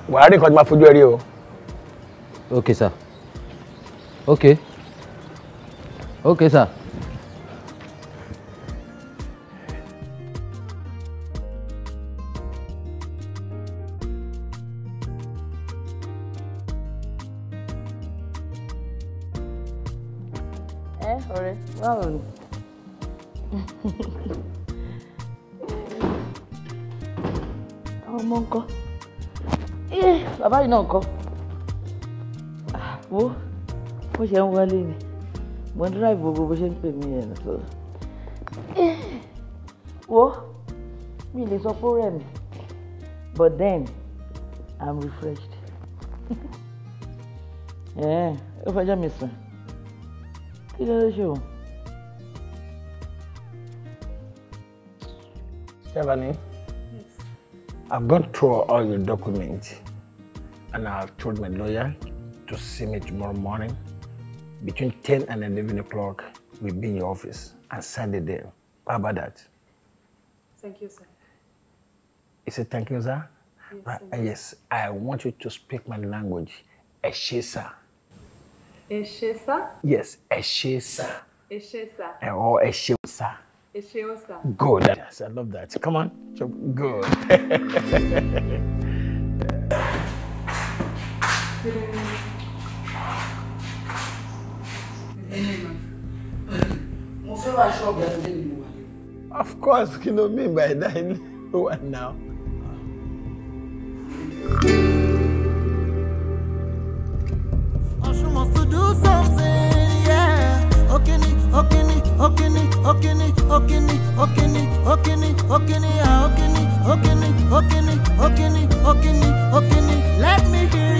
wàá rí nǹkan tó máa fojú ẹ rí o. ok ok ok sir. iná nǹkan wo bó ṣe ń wọlé ni mo ń dúráì gbogbo bó ṣe ń pè mí yẹn so wo mi lè sọ pé ó rẹ̀ mí but then i'm refreshed ó fẹjọ́ mi sùn kí ló ló ṣe o. Stephanie, yes. I've gone through all your documents. and I told my lawyer to see me tomorrow morning between 10 and 11 o'clock. We'll be in your office and sign the deal. How about that? Thank you, sir. You said thank you, sir? Yes, yes, I want you to speak my language. Eshesa. Eshesa? Yes, Eshesa. Eshesa. Eh, oh, Eshesa. Eshesa. Oh, Good. Yes, I love that. Come on. Good. of course you know me by that ilé wà let me hear.